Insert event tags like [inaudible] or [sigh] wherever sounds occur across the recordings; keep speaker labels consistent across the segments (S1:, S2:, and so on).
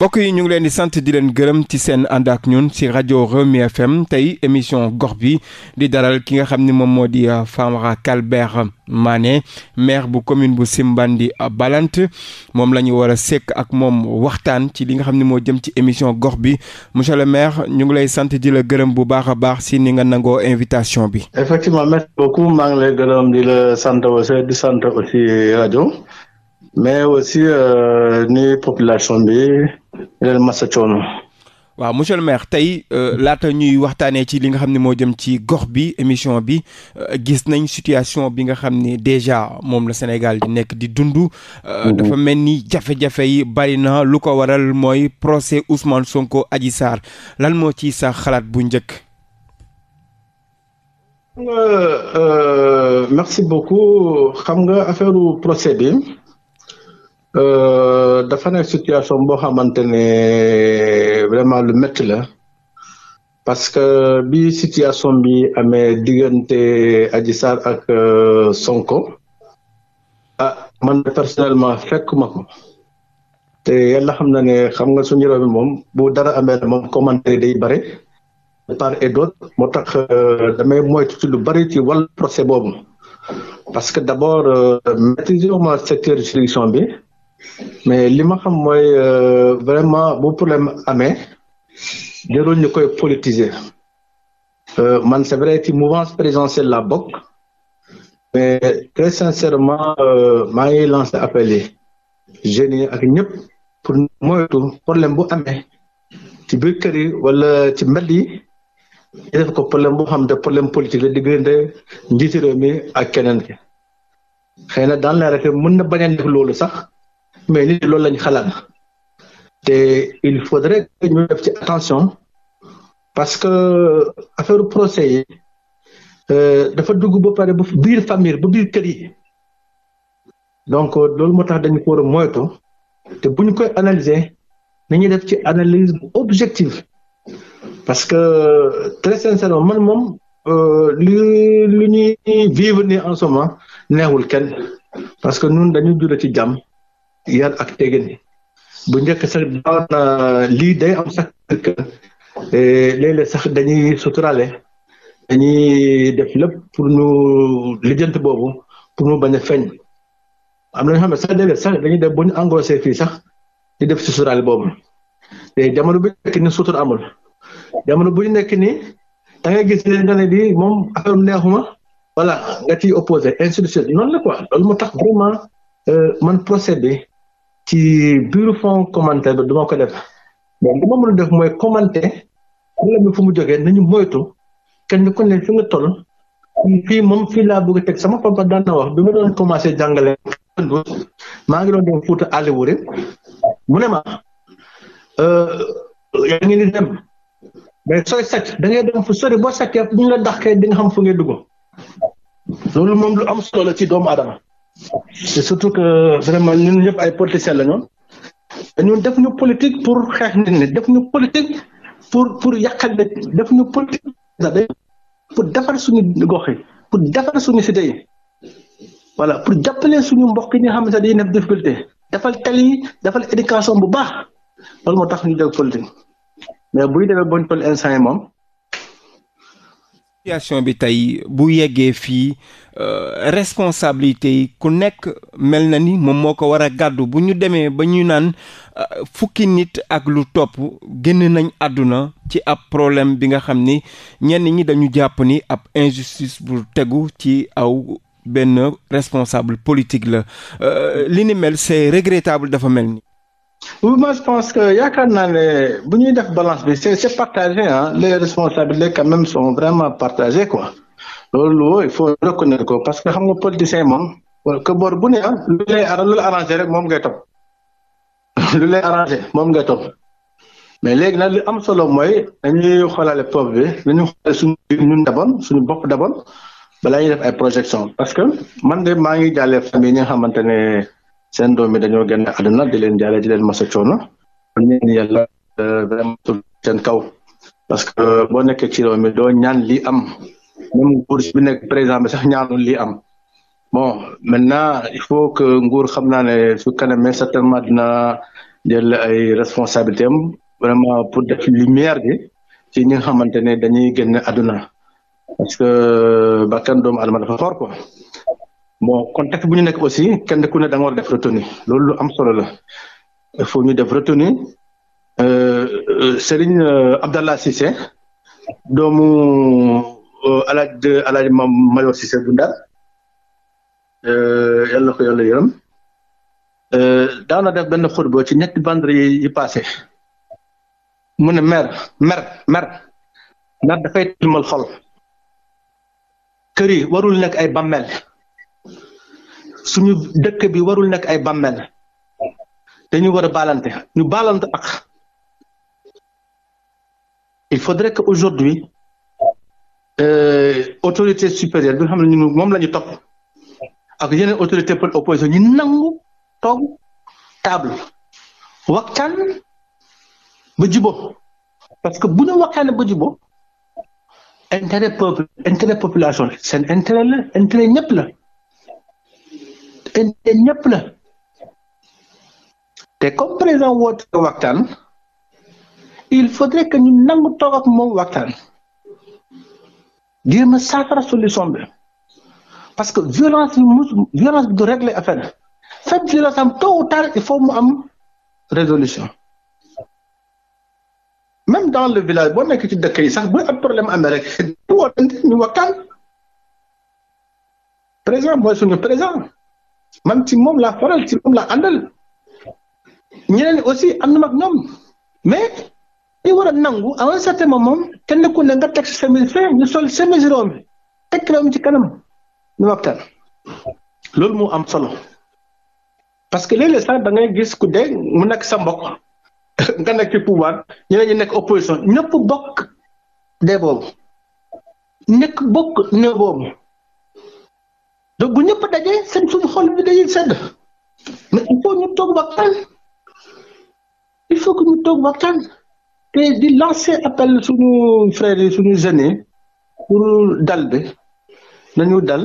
S1: bokk yi ñu ngi leen di sant di leen gërëm ci seen ànd ak ñun ci rajo Rewmi FM tey émission gox bi di daral ki nga xam ni moom moo di euh, Famara Kalbert Mané maire bu commune bu Simbandi balant moom la ñu war a sekk ak moom waxtaan ci li nga xam ni moo jëm ci émission gox bi monsieur le maire ñu ngi lay sant di la gërëm bu baax a baax si ni nga nangoo invitation bi.
S2: effectivement merci beaucoup maa ngi lay gërëm di la sant aussi di sant aussi rajo. mais aussi euh, nuyu population bi leen masa
S1: waaw monsieur le maire tey euh, laata ñuy waxtaanee ci li nga xam ne moo jëm ci gox bi émission bi euh, gis nañ situation bi nga xam ni déjà moom la Sénégal di nekk di dund. Mhm. dafa mel ni jafe-jafe yi bari na lu ko waral mooy procès Ousmane Sonko aji Sarr lan moo ci sa xalaat bu njëkk.
S2: merci beaucoup xam nga affaire procès bi. Euh, dafa nekk situation boo xamante ne vraiment lu métti la parce que bi situation bi amee diggante Adji Sarr ak euh, Sonko ah man personnellement fekkuma ko te yàlla xam na xam nga suñu réew mi moom bu dara amee moom commentaire day bare et d'autre moo tax euh, damay moytu ci lu bari ci wàllu procès boobu parce que d'abord maîtrise ma secteur juridiction bi. mais li ma xam mooy euh, vraiment bu problème amee jërul ñu koy politiser euh, man c'est vrai ci mouvance présidentielle la bokk mais très sincèrement euh, maa ngi lancé appel jeunes yi ak ñëpp pour moytu problème bu amee ci biir kër yi wala ci mbedd yi def ko problème boo xam ne problème politique le diggante njiiti réew mi ak keneen ki xëy na dans les mën na bañ a def loolu sax. mais nit loolu lañ xalaat te il faudrait que ñu def ci attention parce que affaire procès yi euh, dafa dugg ba pare ba biir famille ba biir kër yi donc euh, loolu moo tax dañu ko war moytu te bu ñu koy analyser nañu def ci analyse bu objective parce que euh, très sincèrement man moom li li ñuy vivre nii en ce neexul kenn parce que ñun dañu jure ci jàmm yar ak teggin bu njëkk sax daan lii day am sax léeg-léeg sax dañuy suturale dañuy def lépp pour ñu lijjant boobu pour mu bañ a feeñ am na ñoo xam ne sax léeg def bu ñu engrossé fii sax di def suturale boobu te jamono bu nekk ni sutur amul jamono bu nekk ni da ngay gis ne nga ne di moom affaire neexuma wala nga ciy opposé institution noonu la quoi loolu moo tax vraiment euh, man procès bi. ci biiru fond commentaire bi duma ko def mais li ma mën a def mooy commenter fu mu jógee nañu moytu kenn ko ne fi nga toll fii moom fii laa bëgg a teg sama papa daan wax bi ma doon commencé jàngale maa ngi doon dem Fuuta àll wu rek mu ne ma euh, yaa ngi ni dem mais sooy sàcc da ngay dem fu sori boo sàccee bu ñu la dàqee di nga xam fu ngay dugg loolu moom lu am solo la ci doomu adama c'est surtout que vraiment nu ñëpp ay politiciens la ñoon dañu def ñu politique pour xeex nit ñi def ñu politique pour pour yàqal nit def ñu politique pour defar suñu gox yi pour defar suñu site yi voilà pour jàppale suñu mbokk yi nga xam ne dañuy def difficulté defal tali defal éducation bu baax loolu moo tax ñu def politique mais bu ñu defee bonne pol instant moom
S1: situation bi tey bu yeggee fii euh, responsabilité yi ku nekk mel na ni moom moo ko war a gàddu bu ñu demee ba ñu naan euh, fukki nit ak lu topp génn nañ àdduna ci ab problème bi nga xam ni ñenn ñi dañu jàpp ni ab injustice bu tegu ci aw benn responsable politique la euh, li ni mel c'est regrettable dafa mel ni
S2: oui moi je pense que yaakaar naa ne bu ñuy def balance bi c'est c'est partagé ah les responsabilités quand même sont vraiment partagées quoi loolu il faut reconnaître ko parce que xam nga politicien moom que boor bu ne ah lu lay lu la arrangé moom ngay topp [laughs] lu lay arrangé moom ngay topp mais léegi na li am solo mooy dañuy xoolaale peuple bi dañu xoolale suñu ñun d'abord suñu bopp d'abord balaa ñuy def ay projection parce que man de maa ngi jàllee famille ñi nga xamante ne seen doom yi dañoo génn àdduna di leen jaale di leen masa coono am ñeen yàlla euh, vraiment tul seen kaw parce que euh, boo nekkee ci réew doo ñaan li am même nguur bi nekk président bi sax ñaanul lii am bon maintenant il faut que nguur xam naa ne su kanamee certainement dina jël ay responsabilité am vraiment pour def lumière bi ci ñi nga xamante ne dañuy génn àdduna parce que bakkan doomu adama dafa fort quoi bon contexte bu ñu nekk aussi kenn ku ne da nga def retenue loolu lu am solo la il ñu def retenue euh, Serigne euh, Abdallah Cissé doomu euh, alaaj de alaaj ma Mayor Cissé bu Ndar yàlla ko yàlla yërëm daana def benn xutba ci ñetti vendredi yi passé mu ne mer mer mer ndax tilmal xol kër yi warul nekk ay bàmmeel suñu dëkk bi warul nekk ay bàmmeel dañu war a baalante ñu baalante ak il faudrait que aujourd'hui euh, autorité supérieure bi nga xam ne ñun moom la ñu topp ak yeneen autorité pour opposition ñu nangu toog table waxtaan ba jubo parce que bu ñu waxtaanee ba jubo intérêt peuple intérêt population seen intérêt la intérêt ñëpp la te ñëpp la te comme président woote waxtaan il faudrait que ñu nangu toog moom waxtaan jéem a solution bi parce que violence bi régler affaire fekk violence am tôt ou tard il faut mu am résolution même dans le village boo nekk ci dëkk yi sax bu ab problème amee rek du wootante ñu waxtaan président mooy suñu président man ci moom laa faral ci moom laa àndal ñeneen aussi am na mag ñoom mais dañu war a nangu à un ma moom kenn ku ne nga teg chemise fee ñu sol chemise romb teg kilom ci kanam ñu waxtaan loolu mu am solo parce que léeg-léeg sax da ngay gis ku dee mu nekk sa mbokk [laughs] nga nekk ci pouvoir ñeneen ñi nekk opposition ñëpp bokk dee boobu nekk bokk ne boobu. donc bu ñëpp daje seen suñu xol bi dañuy sedd mais ñu toog waxtaan il faut ñu toog waxtaan te di lancer appel suñu frères yi suñu jeunes pour dal bi nañu dal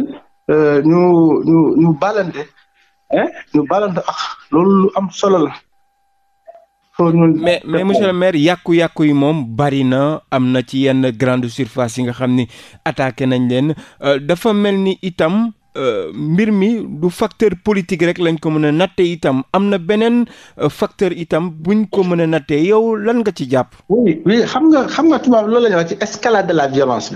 S2: euh, ñu ñu ñu balante hein ñu balante ak loolu lu am solo la. mais mais monsieur le
S1: maire yàqu-yàqu yi moom bari na am na ci yenn grande surface yi nga xam ni attaqué nañ leen euh, dafa mel ni itam. Euh, mbir mi du facteur politique rek lañ ko mën a natte itam am na beneen euh, facteur itam buñ ko mën a natte
S2: yow lan nga ci jàpp. oui oui xam nga xam nga tubaab loolu la wax ci escalade de la violence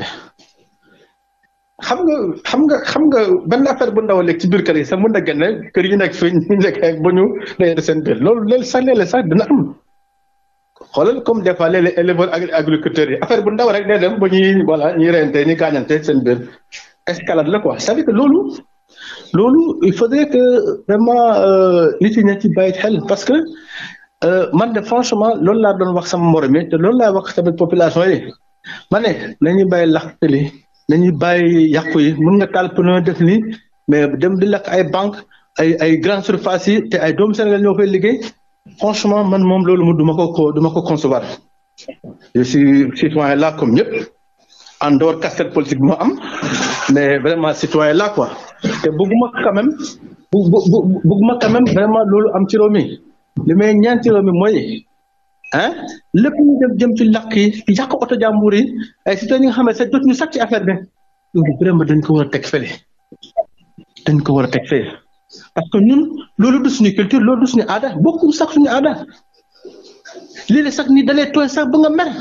S2: xam nga xam nga xam nga benn affaire bu ndaw léegi ci biir kër yi sax mën kër yi nekk fii ñu ba ñu dee seen loolu léegi sax léeg-léeg sax am. xoolal comme des fois léeg-léeg éleveurs yi affaire bu ndaw rek day dem ba ñuy voilà ñuy reyante ñuy gaañante seen biir escalade la quoi c'est-à-dire que loolu loolu il faudrait que vraiment euh, nit yi nañ ci bàyyi xel parce que euh, man de franchement loolu laa doon wax sama morom yi te loolu laay wax tamit population yi ma ne nañu bàyyi laqtali nañu bàyyi yàqu yi mën nga taal pneu def nii mais dem di lakk ay banque ay ay grandes surfaces yi te ay doomu Sénégal ñoo fay liggéey franchement man moom loolu mu duma ko ko duma ko concevoir je suis citoyen comme ñëpp en dehors casquette politique bi ma am mais vraiment citoyen là quoi te bëgguma quand même bu bu bëgguma quand même vraiment loolu am ci réew mi li may ñaan ci mooy ah lépp ñu dem jëm ci làkk yi yàq oto jàmbur yi ay citoyen yi nga xam ne sax dootuñu sax ci affaire bi loolu vraiment ko war a teg fële dañ ko war a teg parce que ñun loolu du suñu culture loolu du suñu aada bokkul sax suñu aada lii sax ni dalee tooy sax ba nga mer.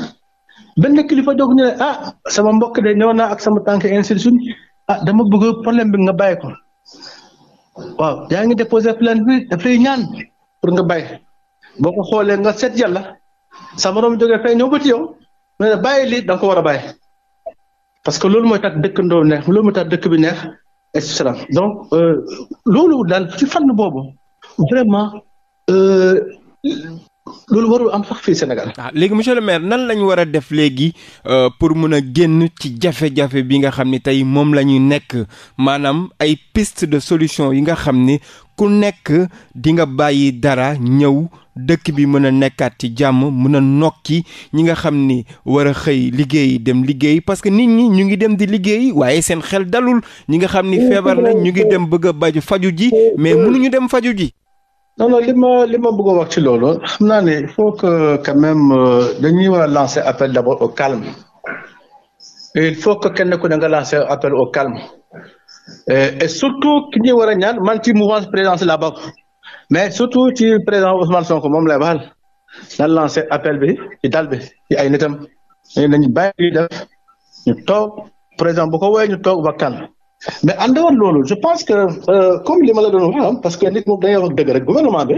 S2: benn kilifa jóg ñu ne ah sama mbokk de ñëw na ak sama tànk institution ah dama bëgg problème bi nga bàyyi ko waaw yaa ngi déposé plainte bi daf ñaan pour nga bàyyi boo ko xoolee nga seet yàlla sa morom jógee fay ñëw ba ci yow mu bàyyi lii da ko war a bàyyi parce que loolu mooy tax dëkkandoo neex loolu mooy tax dëkk bi neex et cetera donc euh, loolu daal ci fànn boobu vraiment euh, loolu warul am sax fii Sénégal. waaw
S1: ah, léegi monsieur le maire nan la ñu war a def léegi euh, pour mun a génn ci jafe-jafe bi nga xam ni tey moom la ñuy nekk maanaam ay piste de solution yi nga xam ni ku nekk di nga bàyyi dara ñëw dëkk bi mën a nekkaat ci jàmm mën a nokki ñi nga xam ni war a xëy liggéey dem liggéey parce que nit ñi ñu ngi dem di liggéey waaye seen xel dalul ñi nga xam ni feebar na ñu ngi dem bëgg a baju faju ji mais
S2: mënuñu dem faju ji. non non li ma li ma bëgg wax ci loolu xam naa ne il faut que quand même dañuy euh, war a lancer appel d' abord au calme et il faut que kenn ku ne nga lancer appel au calme eh, et, surtout ki ñuy war a ñaan man ci mouvance présidentielle laa bokk mais surtout ci président Ousmane Sonko moom lay waxal na lancer appel bi ci dal bi ci ay nitam eh, nañu bàyyi def ñu toog président bu ko woowee ñu toog waxtaan mais en dehors loolu je pense que euh, comme li ma la doon wax parce que nit moom dañuy wax dëgg rek gouvernement bi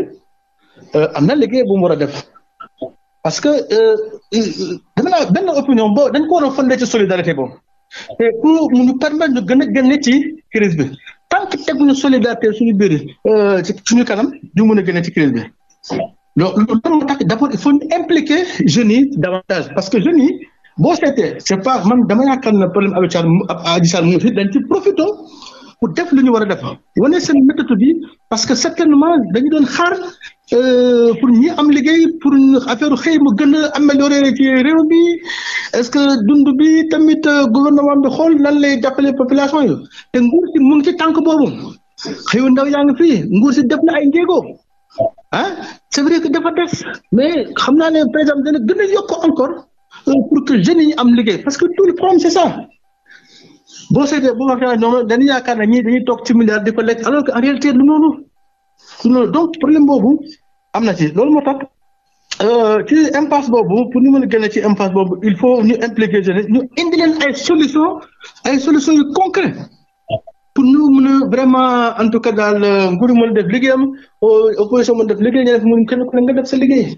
S2: euh, am na liggéey bu mu a def parce que euh, dama naa benn opinion bo dañ ko war a fondé ci solidarité boobu te mu ñu permettre ñu gën a génne ci crise bi tant que teguñu solidarité suñu biir ci suñu kanam ñu mën a génne ci crise bi donc loolu moo il faut ñu impliquer jeunes yi davantage parce que jeunes boo seetee c'est pas man dama yaakaar ne problème Adji Sarr Adji Sarr mu pour def lu ñu war a def wane seen méthode bi parce que certainement dañu doon xaar euh, pour ñi am liggéey pour affaire xëy mu gën a améliorer ci réew bi est-ce que dund bi tamit euh, gouvernement bi xool lan lay jàppale population yi te nguur si mu ngi ci tànk boobu xëyu ndaw yaa ngi fi nguur si def na ay njéego ah c'est vrai que dafa des mais xam naa ne par exemple dana gën a yokk encore. Euh, pour que jeunes yi am liggéey parce que tout le problème c'est ça boo seetee boo ko xamee ñoom dañuy yaakaar ne ñii dañuy toog ci milliard di ko lekk alors que en réalité du noonu donc problème boobu am na ci loolu moo tax euh, ci impasse boobu pour ñu mën a génne ci impasse boobu il faut ñu impliquer jeunes ñu indi leen ay solution ay solution yu concret pour ñu mën vraiment en tout cas daal nguur mën a def liggéeyam opposition mën def liggéey ñeneen mën kenn ku ne nga def sa liggéey.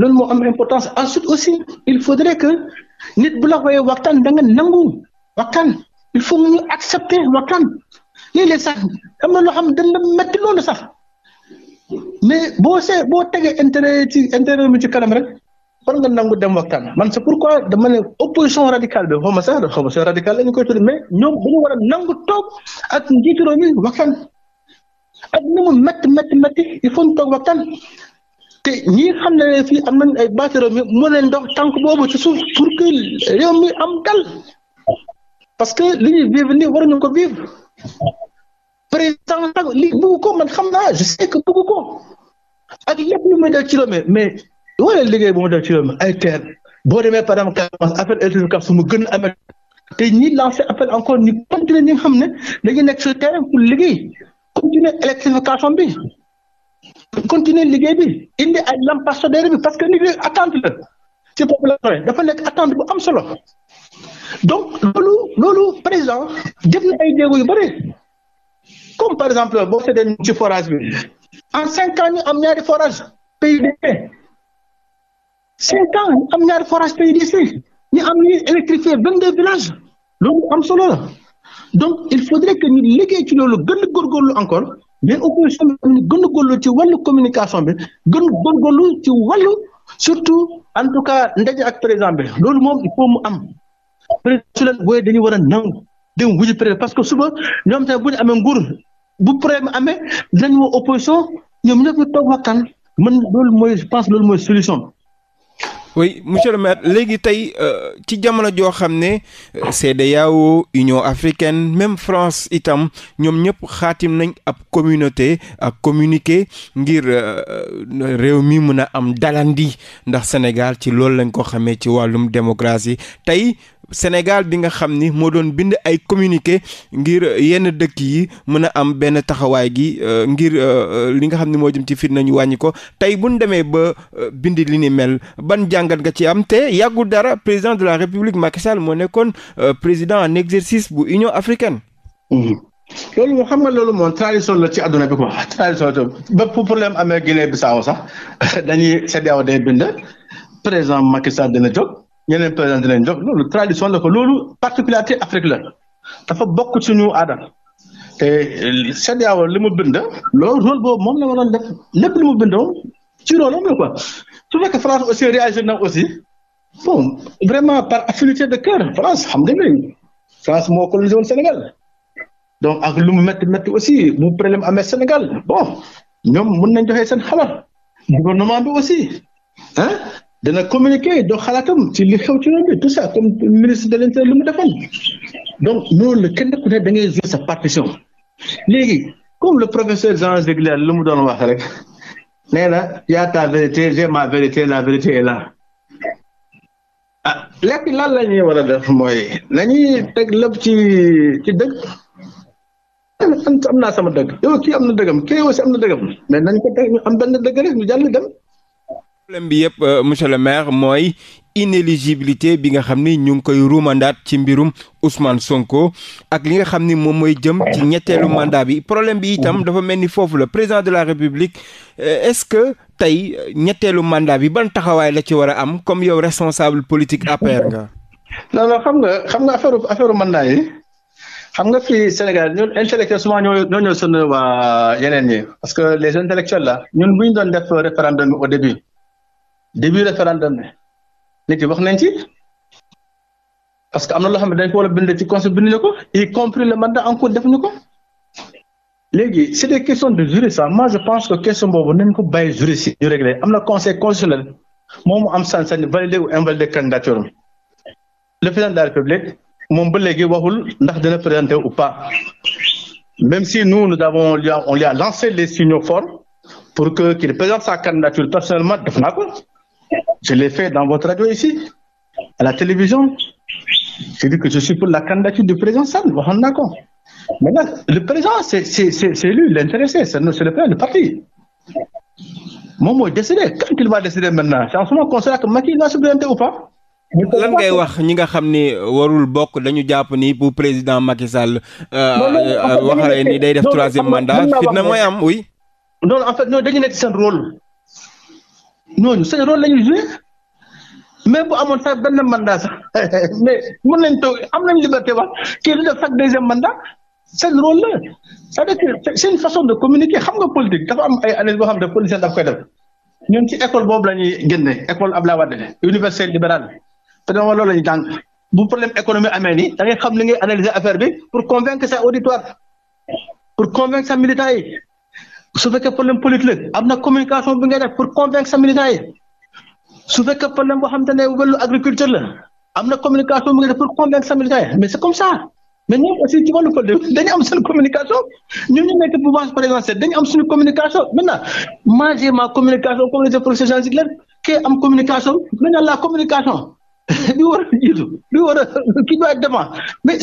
S2: loolu moo am importance ensuite aussi il faudrait que nit bu la koy waxtaan da nga nangu waxtaan il faut ñu accepter waxtaan léeg-léeg sax am na loo xam dañ la métti loolu sax mais boo see boo tegee intérêt ci intérêt mu ci kanam rek war nga nangu dem waxtaan man c'est pourquoi dama ne opposition radicale bi xaw ma sax xaw ma sax radicale la ñu koy tudde mais ñoom dañu war a nangu toog ak njiitu réew mi waxtaan ak ni mu métti il faut ñu toog waxtaan te ñi xam ne fii am nañ ay bàtt mu mi moo leen dox tànk boobu ci suuf pour que réew mi am dal parce que li ñuy vivre nii waruñu ko vivre président li bëgg ko man xam naa je sais que bëgg ko ak yëpp lu muy def mais wala liggéey bu mu def ci réew ay terre boo demee par exemple Casamance affaire électrification mu gën a amee te ñi lancé appel encore ñu continuer ñi xam ne dañuy nekk sur terrain pour liggéey continuer électrification bi. continuer liggéey bi indi ay l'ambassadeur bi parce que nit ñi attente la ci population yi dafa nekk attente bu am solo donc loolu loolu président jëf na ay jéego yu bëri comme par exemple boo seetee ci forage bi en cinq ans ñu am ñaari forage PUDC cinq ans ñu am ñaari forage PUDC ñu am ñuy électrifier vingt deux villages loolu am solo la donc il faudrait que ñu liggéey ci loolu gën a góorgóorlu encore mais opposition bi tamit gën a góorlu ci wàllu communication bi gën a góorgóorlu ci wàllu surtout en tout cas ndaje ak président bi loolu moom il faut mu am président su leen booyee dañuy war a nangu dem wuji président parce que suba ñoom tamit bu ñu amee nguur bu problème amee dinañ woo opposition ñoom ñëpp ñu toog waxtaan man loolu mooy je pense loolu mooy solution
S1: oui monsieur le maire léegi tey euh, ci jamono joo xam ne euh, CEDEAO Union africaine même France itam ñoom ñëpp xaatim nañ ab communauté ak communiqué ngir euh, réew mi mën a am dalandi ndax Sénégal ci loolu lañ ko xamee ci wàllum démocratie tey. Sénégal bi nga xam ni moo doon bind ay communiqué ngir yenn dëkk yi mën a am benn taxawaay gi euh, ngir euh, euh, li nga xam ne moo jëm ci fitna ñu wàññi ko tey bu ñu demee ba bind li ni mel ban jàngat nga ci am te yàggul dara président de la république Macky Sall moo nekkoon président en
S2: exercice bu Union africaine. Mhm. loolu moo xam nga loolu moom tradition la ci àdduna bi quoi [laughs] tradition la ba problème amee Guinée Bissau sax [laughs] dañuy CEDEAO day bind président Macky Sall dina jóg. ñeneen président lañ jox loolu tradition la ko loolu particularité Afrique la dafa bokk suñu aada te CEDEAO li mu bind loolu rôle boobu moom la waroon def lépp li mu bindoon ci o am la quoi su fekkee France aussi réagir na aussi bon vraiment par affinité de cœur France xam nga ni France moo colonisé woon Sénégal donc ak lu mu métti métti aussi bu problème amee Sénégal bon mu mën nañ joxe seen xalaat gouvernement bi aussi ah. dana communiquer do xalaatam ci li xew ci loolu tout ça comme ministre de l'intérieur lu mu defoon donc loolu le kenn ku ne da ngay sa partition léegi comme le professeur Jean Ziegler lu mu doon wax rek nee na yaa ta vérité j'ai ma vérité la vérité et la a ah, léegi lan la ñuy war a def mooy nañuy teg lépp ci ci dëgg am naa sama dëgg yow kii am na dëggam kii aussi am na dëggam mais nañ ko teg am benn dëgg rek ñu jàll dem
S1: problème bi yëpp euh, monsieur le maire mooy inéligibilité bi nga xam ni ñu ngi koy ruumandaat ci mbirum Ousmane Sonko ak li nga xam ni moom mooy jëm ci ñetteelu mandat bi problème bi itam dafa mel ni foofu la président de la République euh, est-ce que tey euh, ñetteelu mandat bi ban taxawaay la ci
S2: war a am comme
S1: yow responsable politique APR nga.
S2: non non xam nga xam nga affaire affaire mandat yi xam nga fii Sénégal ñun intellectuel souvent ñoo ñoo ñoo sonn waa yeneen ñi parce que les intellectuels bu ñu doon def référendum au début. début référendum bi nit wax nañ ci parce que am na loo xam ne dañ ko war a bind ci conseil bind ko y compris le mandat encore defuñu ko léegi c'est des questions de juriste sax moi je pense que question boobu nañ ko bàyyi juriste yi ñu am na conseil constitutionnel moom mu am sañ-sañ valider ou invalider candidature am le président de la république moom ba léegi waxul ndax dina présenter ou pas même si nous nous avons on lui a lancé les signaux forts pour que qu'il présente sa candidature personnellement def naa Je l'ai fait dans votre radio ici, à la télévision. J'ai dit que je suis pour la candidature du président Sall. Maintenant, le président, c'est lui l'intéressé, c'est le, le parti. moom mooy décider quand il va décider maintenant en ce moment considère que Macky na souveraineté ou pas. lan ngay wax
S1: ñi nga xam ni warul bokk dañu jàpp ni bu président Macky Sall. Euh, waxale ni day def troisième mandat. fitna mooy am oui.
S2: non en fait ñooñu seen rôle la ñuy joué mais bu amoon sax benn mandat sax [laughs] mais mën nañ toog am nañ liberté wax kii lu def sax deuxième mandat seen rôle la c'est-à-dire que c'est une façon de communiquer xam nga politique dafa am ay analyse boo xam ne politicien daf koy def ñun ci école boobu la ñuy génne école Abdoulaye Wade université libérale te dama loolu la ñu jàng bu problème économique amee nii da ngay xam li ngay analyser affaire bi pour convaincre sa auditoire pour convaincre su fekkee problème politique la am na communication bi ngay def pour convaincre sa militants yi su fekkee problème boo xamante ne wàllu agriculture la am na communication bi ngay pour convaincre sa militants yi mais c'est comme ça mais ñoom aussi ci wàllu politique dañu am seen communication ñun ñu nekk mouvance présidentielle dañu am suñu communication maintenant moi ma communication comme les professionnels yi kee am communication maintenant la communication bi [laughs] war a jiitu bi war a [laughs] kii doit être devant mais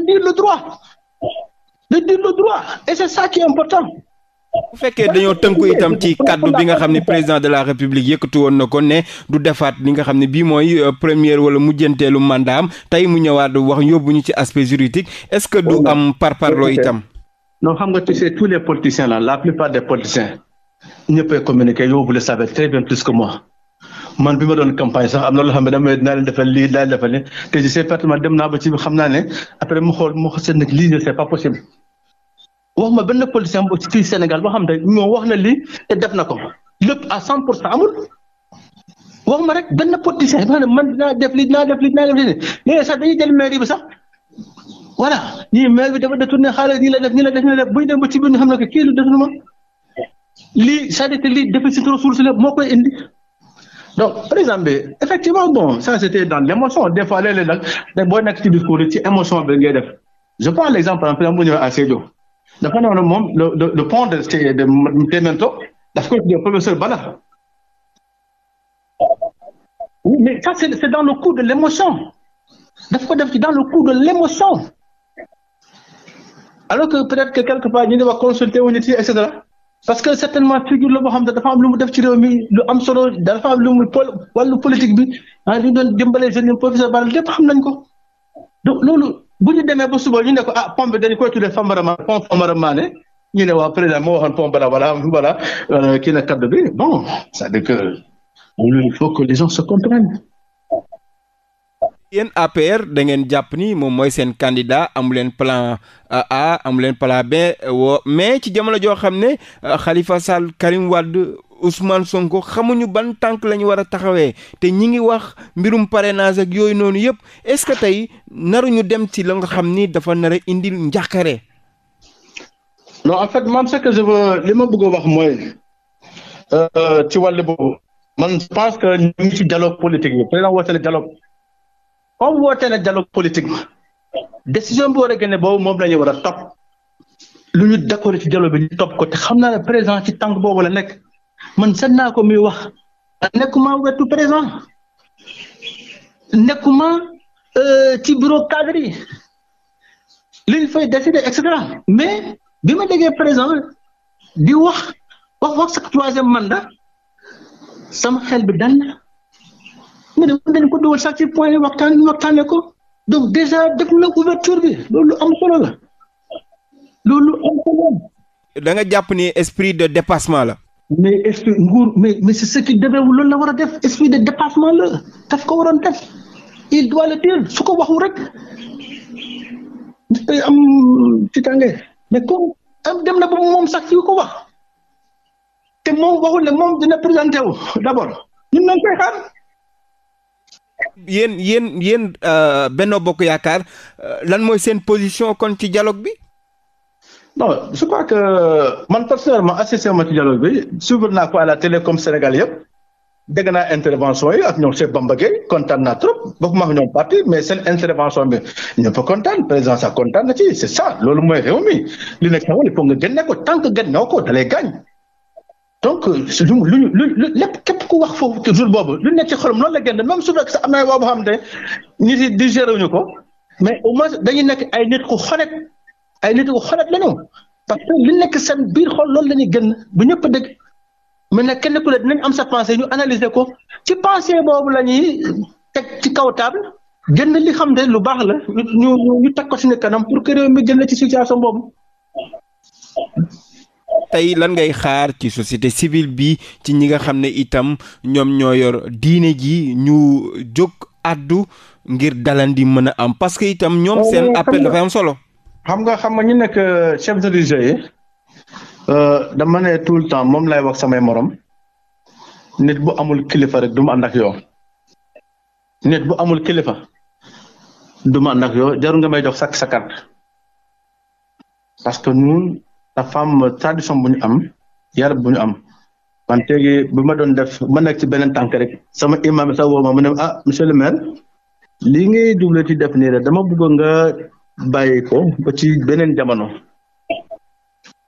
S2: c'est de dire le droit bu fekkee dañoo tënku itam
S1: ci kaddu bi nga xam ne président de la république yëkkatu woon na ko ne du defaat li nga xam ne bii mooy euh, première wala mujjanteelu mandat am tey mu ñëwaat wax yóbbu ñu ci aspect juridique est-ce que du am
S2: parparloo itam. non xam nga tu sais les politiciens là la plupart des politiciens ñëppay communiquer yow vous le savez man bi ma doon campagne sax am na loo xam ne damay naa leen defal lii naa dem naa ba ci xam naa ne après mu xool mu seet nag lii wax ma benn politicien bu ci Sénégal boo xam ne moom wax na lii te def na ko lépp à cent pour cent amul wax ma rek benn politicien boo xam man dinaa def lii naa def lii dinaa def lii léegi sax dañuy jël mairie bi sax voilà ñii maire bi dafa détourné xaalis ñii la def ñii la def ñii la def bu ñu dem ci xam ne que kii lu détournement lii c'est-à-dire que lii la moo koy indi donc président bi effectivement bon ça c'était dans l'émotion des fois léeg-léeg nag boo nekk ci discours yi ci émotion bi ngay def je prends l'exemple en exemple bu à Sédhiou dafa ne moom le le pont de de Témento daf koy tuddee professeur Bala oui mais ça c'est dans le coup de l'émotion daf ko def ci dans le coup de l'émotion alors que peut-être que quelque part ñu ne wax consulter wu ñu parce que certainement figure la boo xam ne dafa am lu mu def ci mi lu am solo dafa am lu mu pol wàllu politique bi ah li ñu doon dimbalee jeunes yi lépp xam nañ ko donc loolu bu ñu demee ba suba ñu ne ko ah pompe dañu koy tuddee Fambaramane pont Fambaramane ñu ne waa président moo waxoon pont bala wala voilà euh, kii na kaddu bi bon c'est-à-dire que il faut que les gens se
S1: yéen APR da ngeen jàpp ni moom mooy seen candidat amu leen plan euh, A amu leen plan B euh, mais ci jamono joo xam ne euh, Khalifa Sall Karim Wade Ousmane Sonko xamuñu ban tànk la ñu war a taxawee te ñi ngi wax mbirum parrainage ak yooyu noonu yëpp est-ce que tey naruñu dem ci la nga xam ni dafa nar a indil njàqare.
S2: non en man ce que je veux li ma bëgg a wax mooy ci wàll boobu man je pense que ngi ci dialogue politique bi président comme woo na dialogue politiquement ma décision bi war boobu moom la ñu war a topp lu ñu d'accord ci dialogue bi ko te xam naa ne président ci tànk boobu la nekk man seet naa ko muy wax nekkuma wetu président nekkuma euh, ci bureau cadre yi li ñu fay décider mais bi ma déggee président di wax wax wax sa troisième mandat sama xel bi dal mu ne dañ ko dugal sax ci point yi waxtaan waxtaanee ko donc déjà def na ouverture bi loolu am solo la loolu am solo
S1: la. da jàpp ni esprit de dépassement la.
S2: mais esprit nguur mais mais c'est ce qui loolu la war a def esprit de dépassement la daf ko waroon def il doit le dire ko waxu rek dafay am ci tànge mais am dem na ba moom sax ci ko wax te moom waxul ne moom dina présenté wu d'abord ñun nañ koy xaar.
S1: yéen yéen yéen euh, Benno Bokk Yaakaar euh, lan mooy seen position kon ci dialogue
S2: bi. non je crois que man personnellement assisté ma ci dialogue bi suivre naa ko à la télé comme Sénégal yëpp dégg naa intervention yi ak ñoom Cheikh Bamba Gueye kontaan naa trop bokkuma ak ñoom parti mais seen intervention bi ñëpp kontaan président sax kontaan na ci c'est ça loolu mooy réew mi li nekk xewal il faut nga génne ko tant que génne ko dale gaañ. donc lu lu lu lu lépp képp ku wax foofu jours boobu lu nekk ci xolam noonu la génn même su fekk am na boo xam ne nit yi di ko mais au moins dañuy nekk ay nit ku xonet ay nit ku xonet la parce que li nekk seen biir xol loolu la ñuy génn bu ñëpp dégg maintenant kenn ku ne dinañ am sa pensée ñu analyser ko ci pensée boobu la ñuy teg ci kaw table génn li xam ne lu baax la ñu ñu teg ko suñu kanam pour que réew mi génn ci situation boobu.
S1: tey lan ngay xaar ci société civile bi ci ñi nga xam ne itam ñoom ñoo yor diine ji ñu jóg addu ngir dalan di mën a am parce que itam ñoom euh, seen appel dafay am solo. xam
S2: nga xam nga ñu nekk euh, chef de religieux yi euh, dama ne tout le temps moom lay wax samay morom nit bu amul kilifa rek du mu ànd ak yow nit bu amul kilifa du mu ànd ak yow jarul nga may jox sakk sa carte parce dafa am tradition bu ñu am yar bu ñu am man tey bu ma doon def ma nekk ci beneen tànk rek sama imam sa woo ma mu ne ah monsieur le maire lii ngay dugle ci def nii rek dama bëgg nga bàyyi ba ci beneen jamono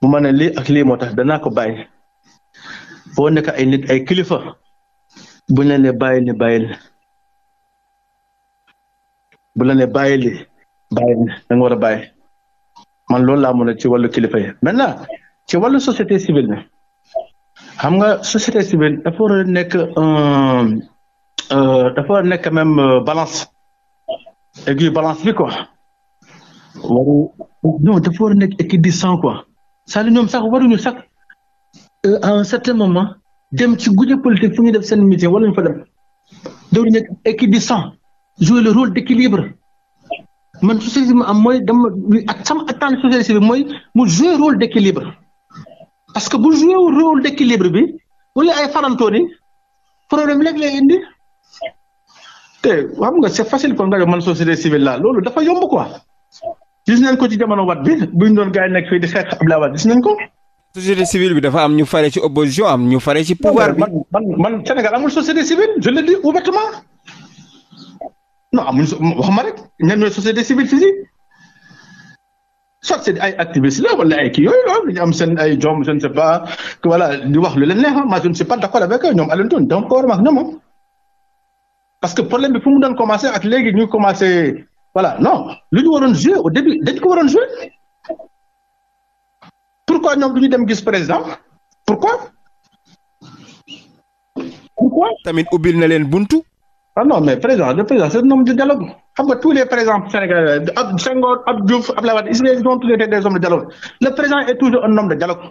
S2: mu ma ne li ak lii moo tax danaa ko bàyyi boo nekk ay nit ay kilifa bu ñu la nee bàyyil ni bàyyil bu la nee bàyyil ni a bàyyi man loolu laa mën ci wàllu kilifa yi maintenant ci wàllu société civile xam nga société civile dafa war a nekk euh, dafa war nekk même euh, balance aiguille balance bi quoi waru non dafa war nekk équidistant quoi saa li ñoom sax waruñu sax euh, à un certain moment dem ci guje politique fu ñu def seen meeting wala ñu fa dem dawru nekk équidistant jouer le rôle d'équilibre man socialisme am mooy dama ak sama attente mooy mu joué rôle d'équilibre parce que bu joué rôle d'équilibre bi wala ay farantoo ni problème rek lay indi te xam nga c'est facile kon nga man société civile la loolu dafa yomb quoi gis ko ci jamono wat bi bu buñ doon gars yi nekk fii di xeex Abdoulaye Wade gis nañ ko. société civile bi dafa am ñu fare ci opposition am ñu fare ci pouvoir bi. man man Sénégal amul société civile je le dis ouvertement non amuñu wax ma rek ñan ñooy société civile fii soit c'est ay activistes la wala ay kii yooyu ñu am seen ay jom je ne sais pas que voilà wax lu leen neex ma je ne suis pas d'accord avec ñoom Alioune Tine donc koo remarque ñoom parce que problème bi fu mu doon commencé ak léegi ñu commencé voilà non lu ñu waroon jouer au début dañ ko waroon jouer pourquoi ñoom du ñu dem gis président pourquoi. pourquoi. tamit ubbil na leen buntu. ah non mais président le président c'est un homme de dialogue xam nga tous les présidents sénégalais ab Senghor ab Diouf de dialogue le président est toujours un homme de dialogue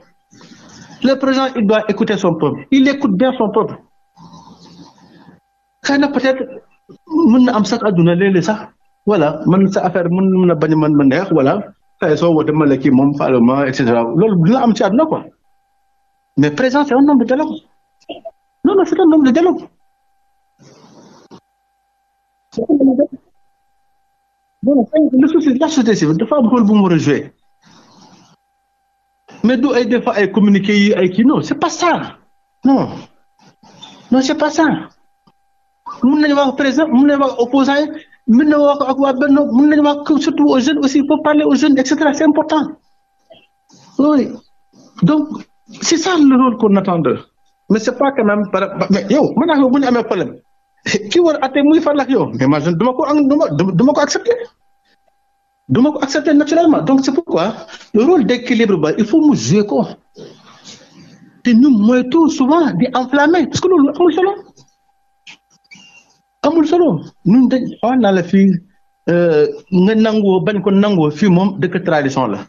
S2: le président il doit écouter son peuple il écoute bien son peuple xëy na peut-être mën na am sax adduna léeg sax wala man sa affaire mën mën a bañ a mën ma neex voilà tey soo wootee ma la kii moom parlement loolu dina am ci àdduna quoi mais président c'est un donc le société la bu mu war a joué mais du ay des fois ay kii non c'est pas ça non non c'est pas ça mun nañu wax président mun nañu wax opposant yi mun nañu wax ak waa benn mun nañu wax surtout aux jeune aussi il faut parler aux jeunes et cetera c'est important oui donc c'est ça le rôle qu'on mais c'est pas quand même par mais yow mën naa ko bu ñu amee problème. ki war a atte muy faral ak yow mais man du ma ko du ma ko accepté du ma ko accepté naturellement donc c'est pourquoi le rôle d'équilibre ba il faut mu jouer ko te ñu moytu souvent di enflammé parce que loolu amul solo amul solo ñun dañ xaw naa la euh, nga nangoo bañ ko nangoo fii moom dëkk tradition la.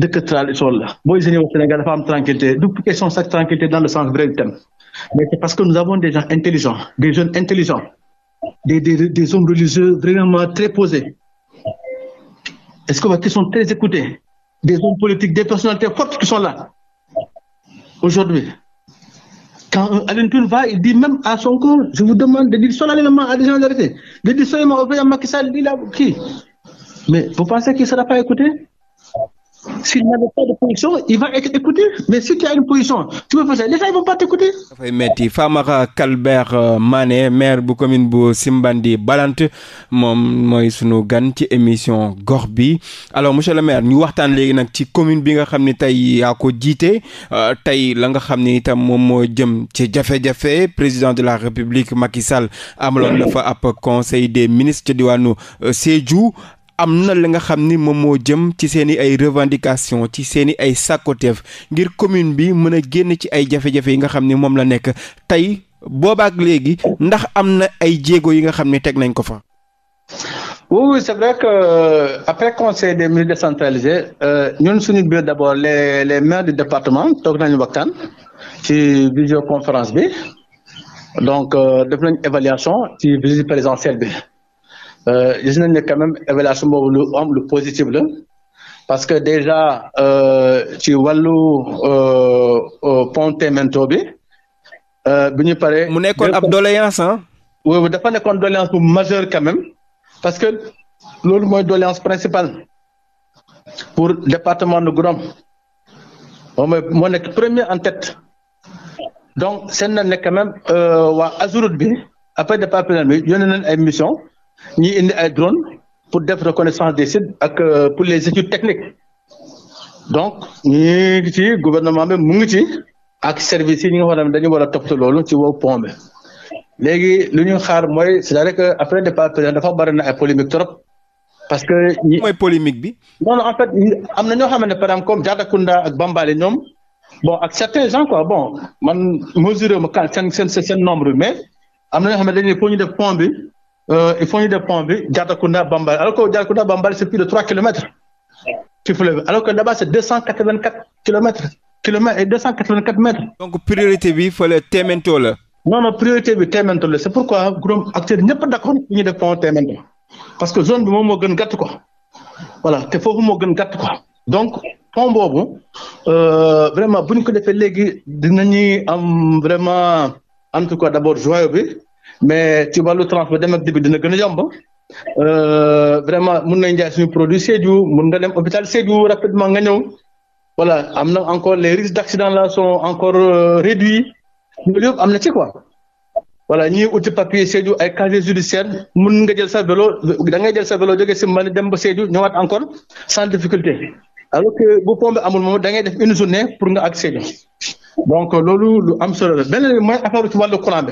S2: dëkk tradition la booy génne wax Sénégal dafa am tranquillité du question sax tranquillité dans le sens vrai du terme mais c'est parce que nous avons des gens intelligents, des jeunes intelligents, des, des, des très posés. Est-ce qu'on qui sont très écoutés, des hommes politiques, des personnalités fortes qui sont là aujourd'hui. Quand Alentoun va, il dit même à son corps, je vous demande de dire à des gens d'arrêter, de dire solennellement au président Macky Sall, dit qui Mais vous pensez qu'il ne sera pas s'il n'avait pas de position il va être écouté mais si tu as une position tu peux faire l'État ils vont pas t'écouter.
S1: dafay metti Famara Kalbert euh, Mané maire bu commune bu Simbandi balant moom mooy sunu gan ci émission gox bi alors monsieur le maire ñu waxtaan léegi nag ci commune bi nga xam ni tey yaa ko jiite euh, tey la nga xam ne itam moom moo jëm ci jafe-jafe président de la république Macky Sall amaloon na fa ab conseil des ministres ci diwaanu euh, Sédhiou am na li nga xam ni moom moo jëm ci seen i ay revendication ci seen i ay sàkkoteef ngir commune bi mën a génn ci ay jafe-jafe yi nga xam ni moom la nekk tey boobaak léegi ndax am na ay jéego yi nga xam ni teg nañ ko fa.
S2: oui oui c'est vrai que euh, après conseil des ministres décentralisé euh, ñun suñu biir d'abord les les maires du département toog nañu waxtaan ci visioconférence bi donc euh, def nañ évaluation ci visite présidentielle bi. Euh, gis nañ ne quand même évaluation boobu lu am lu positif la parce que déjà euh, ci wàllu euh, pont Témento bi bi ñu paree. mu nekkoon ab doléance ah. oui dafa nekkoon doléance bu majeure quand parce que loolu mooy doléance principale pour département de Goudomp moom moo nekk premier en tête donc seen na ne quand même waa Azurut bi après départ bi yónnee nañ ay mission. ñuy indi ay drone pour def reconnaissance des sites ak euh, pour les études techniques donc ñu ngi ci gouvernement bi mu ngi ci ak service yi ñi nga xam ne dañu war a toppatoo loolu ci wow pont bi léegi lu ñu xaar mooy c'est-à-dire que après départ président dafa bari na ay polémique trop parce que. ñi mooy bi. non en am na ñoo xam ne par exemple comme Diatakunda ak Bambali ñoom bon ak certains gens quoi bon man mesuré ma kan seen seen seen nombre mais am na ñoo xam ne dañu ne pour ñu def pont bi. Euh, ils font une de pont bi Diatakunda Bambal alors que Diatakunda Bambal c'est plus de trois kilomètres ci fleuve alors que là-bas c'est deux cent quatre-vingt-quatre kilomètres kilomètres et deux cent quatre-vingt-quatre mètres. donc priorité bi fële Témento la. non priorité bi Témento la c'est pourquoi groupe acteur ñëpp d'accord ñu def pont Témento parce que zone bi moom moo gën gàtt quoi voilà te foofu moo gën gàtt quoi donc pont boobu euh, vraiment bu ñu ko defee léegi ñi am vraiment en tout cas d'abord bi. mais ci wàllu transport dem ak débit dina gën a yomb euh, vraiment mun nañ jaay suñu produit Sédhiou mun nga dem hôpital Sédhiou rapidement nga ñëw voilà am na encore les risques d' la son encore euh, réduits loolu yëpp am na ci quoi voilà ñii uti papier Sédhiou ay casier judiciaire mun nga jël sa vélo da jël sa vélo jógee si Mali dem ba Sédhiou ñëwaat encore sans difficulté alors que bu pombe amul moom da ngay def une journée pour nga ak Sédhiou donc loolu lu am solo la beneen bi mooy ci wàllu courant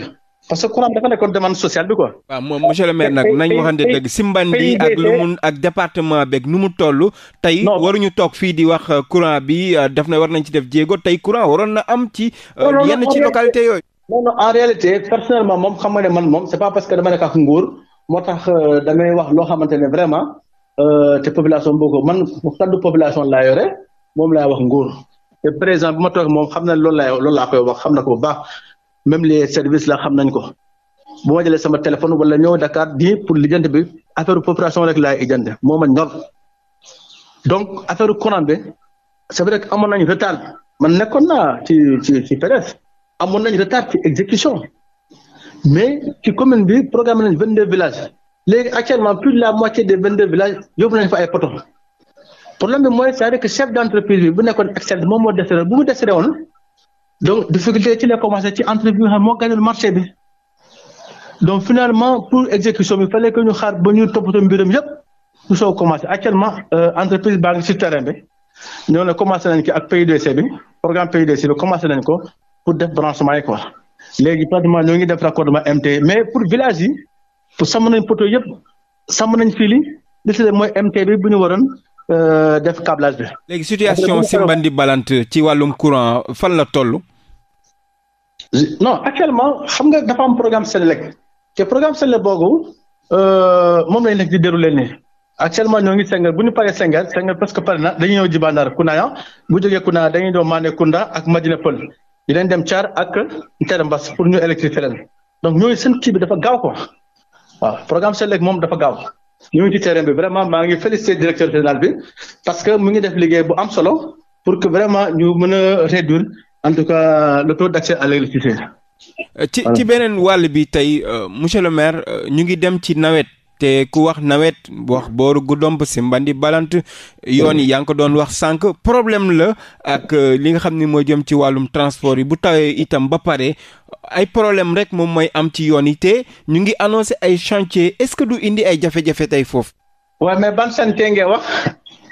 S2: parce que courant dafa nekkoon demande sociale bi quoi.
S1: waaw moom monsieur le nag nañ waxante dëgg Simbandi ak lu mun ak département beeg nu mu toll. tey waruñu toog fii di wax euh, courant bi euh, def na war nañ ci def jéego tey courant waroon na am ci. Euh, yenn ci localité
S2: yooyu. non non en réalité personnellement moom xam nga ne man moom c'est pas parce que dama nekk ak moo tax damay wax loo xamante ne vraiment te population boo ko man kaddu population laa yore moom laa wax nguur te président bu toog moom xam na loolu laa loolu laa koy wax xam na ko bu baax. même les service la xam nañ ko bu ma jëlee sama téléphone wala ñëw Dakar di pour lijjante bi affaire population rek laay lijjante moo a ñor donc affaire courant bi c'est vrai que amoon nañu retard man nekkoon naa ci ci ci PDS amoon nañu retard ci exécution mais ci commune bi programme nañu vingt deux villages léegi actuellement plus de la moitié des vingt deux villages yóbbu nañu fa ay poto problème bi mooy c'est-à-dire que chef bi bu nekkoon excellent moom moo desere bu mu desere woon donc difficulté ci la commencé ci entreprise bi nga xam moo gagné marché bi donc finalement pour exécution bi fallait que ñu xaar ba ñu topp toppatoo mbiram yëpp ñu soog commencé actuellement euh, entreprise baa ngi ci terrain bi ñoo ne commencé nañ ko ak PUDC bi programme PUDC bi commencé nañ ko pour def branchement yi quoi léegi pratiquement ñoo ngi def raccordement MT mais pour village yi pour sàmm nañ poteau yëpp sàmm nañ fii li li mooy MT bi bu ñu waroon. Euh, def câblage bi. léegi situation
S1: Simbandi Balante ci wàllum courant fan la toll.
S2: non actuellement xam nga dafa am programme Sénélec te programme Sénélec boobu euh, moom lañ nekk di déroulé nii actuellement ñoo ngi Senghor bu ñu paree Senghor Senghor presque pare na dañuy ñëw Jibandar Kunaya ah. bu jógee Kunaya dañuy doon Manékounda ak Madina Pël di leen dem Thiar ak Tere Mbass pour ñu électrifier leen donc ñooñu seen kii bi dafa gaaw ko waaw programme Sénélec moom dafa gaaw. ñu ngi ci terrain bi vraiment maa ngi félicité directeur général bi parce que mu ngi def liggéey bu am solo pour que vraiment ñu mën a réduire en tout cas le taux d'accès à l'électricité
S1: euh, ci ci beneen wàll bi tey euh, monsieur le maire euh, ñu ngi dem ci nawet. te ku wax nawet wax booru Goudomp si mbandi balant yoon yi yaa ngi ko doon wax sànq problème la ak euh, li nga xam ni moo jëm ci wàllum transport yi bu tawee itam ba pare ay problème rek moom mooy am ci yoon yi te ñu ngi annoncé ay
S2: chantier est-ce que du indi ay jafe-jafe tey foofu. waaw mais ban chantier ngay wax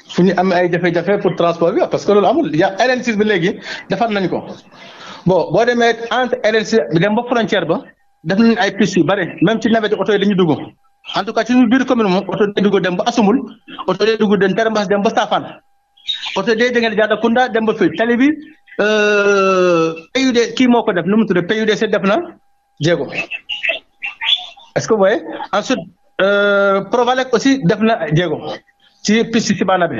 S2: fu ñu amee ay jafe-jafe pour transport bi parce que loolu amul ya LN6 bi léegi defar nañ ko bon boo demee entre LN6 dem ba frontière ba def nañ ay piste yu bari même ci nawet yi oto yi dañuy dugg. en tout cas ci suñu biir commune o oto day dugg dem ba asumul oto day dugg dem Terembas dem ba Safaan oto day dangeen jaada Kounda dem ba fii tali bi euh, PUD kii moo ko def nu mu tudd PUDC def na jéego est-ce que vous voyez ensuite euh, Provalec aussi def na jéego ci piste si baana bi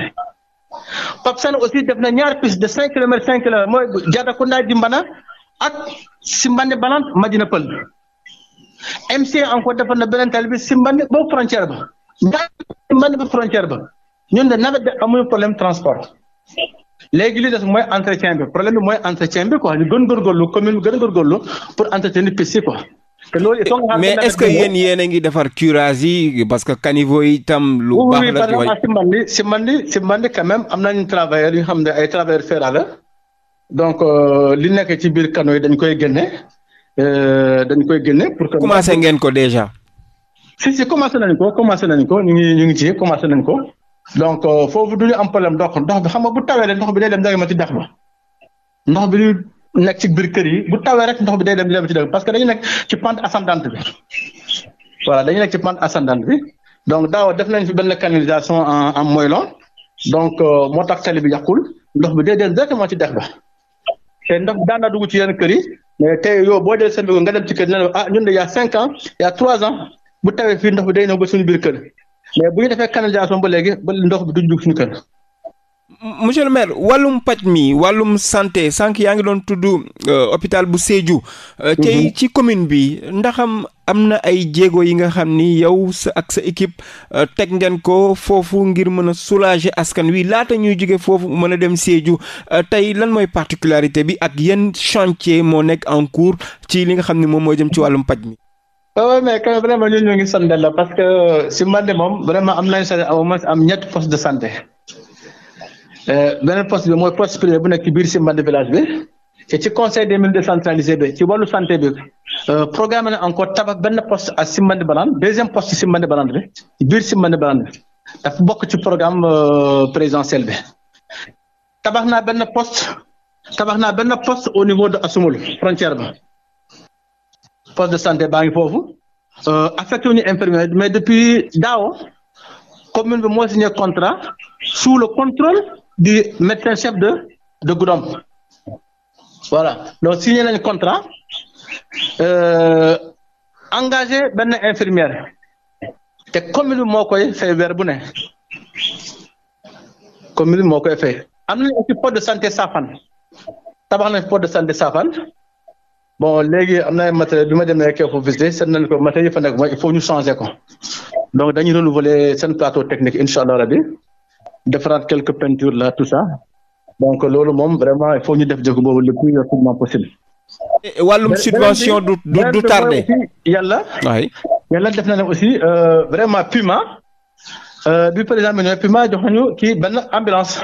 S2: Papsan aussi def na ñaar piste de cinq kilomètres cinq kilomètres mooy jaada Kounda Jimbana ak Simbandi Balante Madina Pël MCA encore defar na beneen tali bi si mbandi ba frontière ba ndax ba frontière ba ñun de nawet bi amuñu problème transport léegi li des mooy entretien bi problème bi mooy entretien bi quoi ñu gën góorgóorlu commune bi gën góorgóorlu pour entretenir piste yi quoi. te loolu est-ce que yéen
S1: yéen ngi defar curage yi parce que caniveau yi tam. lu baax la oui
S2: si mbandi si am nañu travailleurs yi xam ne ay travailleurs ferra la donc euh, li nekk ci biir canaux yi dañ koy génne. Euh, dañ koy génne pour que. commencé ngeen ko déjà. si si commencé nañ ko commencé nañ ko ñu ngi ñu ngi ci commencé nañ ko. donc euh, foofu du ñu am problème ndox ndox bi xam nga bu tawee rek ndox bi day dem dagg ma ci dex ba ndox bi du nekk ci biir kër yi bu tawee rek ndox bi day dem di ci dex parce que dañu nekk ci pente ascendante bi voilà dañu nekk ci pente bi donc daaw def nañ fi benn canalisation en en moylon donc euh, moo tax tali bi yàqul ndox bi day dem directement ci dex ba te ndox bi daan naa dugg ci yenn kër yi. mais tey yow boo jëlee seen bi nga dem ci kër dina ne ah ñun de y' cinq ans y' trois ans bu tawee fii ndox bi day ñëw ba suñu biir kër mais bu ñu defee canalisation ba léegi ba ndox bi du jug suñu kër.
S1: monsieur le maire wallum paj mi wàllum santé sànq yaa ngi doon tudd opital euh, bu Sédhiou. Euh, tey mhm. ci commune bi ndaxam am na ay jéego yi nga xam ni yow sa ak sa équipe euh, teg ngeen ko foofu ngir mën a soulager askan wi laata ñuy jóge foofu mën a dem Sédhiou euh, tey lan mooy particularité bi ak yenn chantier moo nekk en cours ci li nga xam ni moom moo jëm ci wàllum paj mi.
S2: waaw euh, mais que ngi sant la parce que si Mbande moom am nañu sa au moins am ñett poste de santé beneen poste bi mooy poste privé bu nekk ci biir si Mbande village bi. te ci conseil des ministres décentralisé bi ci wàllu santé bi euh, programme na encore tabax benn post à Simbandi Balante deuxième poste Simbandi Balante bi ci biir Simbandi Balante dafa bokk ci programme euh, présidentiel bi tabax naa benn post tabax naa benn post au niveau de Asumul frontière ba poste de santé baa ngi foofu euh, affecté wu ñu mais depuis daaw commune bi moo signé contrat sous le contrôle du médecin chef de de goudom voilà donc signé nañ contrat euh, engagé benn infirmière te commune moo koy fay weer bu ne commune moo koy fay am nañ aussi poste de santé Safan tabax nañ poste de santé Safan bon léegi am na ay matériel bi ma dem rek foofu visité seet nañ ko fa nekk mooy il ñu changer ko donc dañuy renouveler seen plateau technique incha allah rabi defaraat quelques peintures la tout ça donc loolu moom vraiment il faut ñu def jëkk boobu le plus rapidement possible. Eh, wàllum subvention du du tardé. yàlla. waay yàlla def na ne aussi euh, vraiment Puma bi euh, président exemple ne Puma jox nañu kii benn ambulance.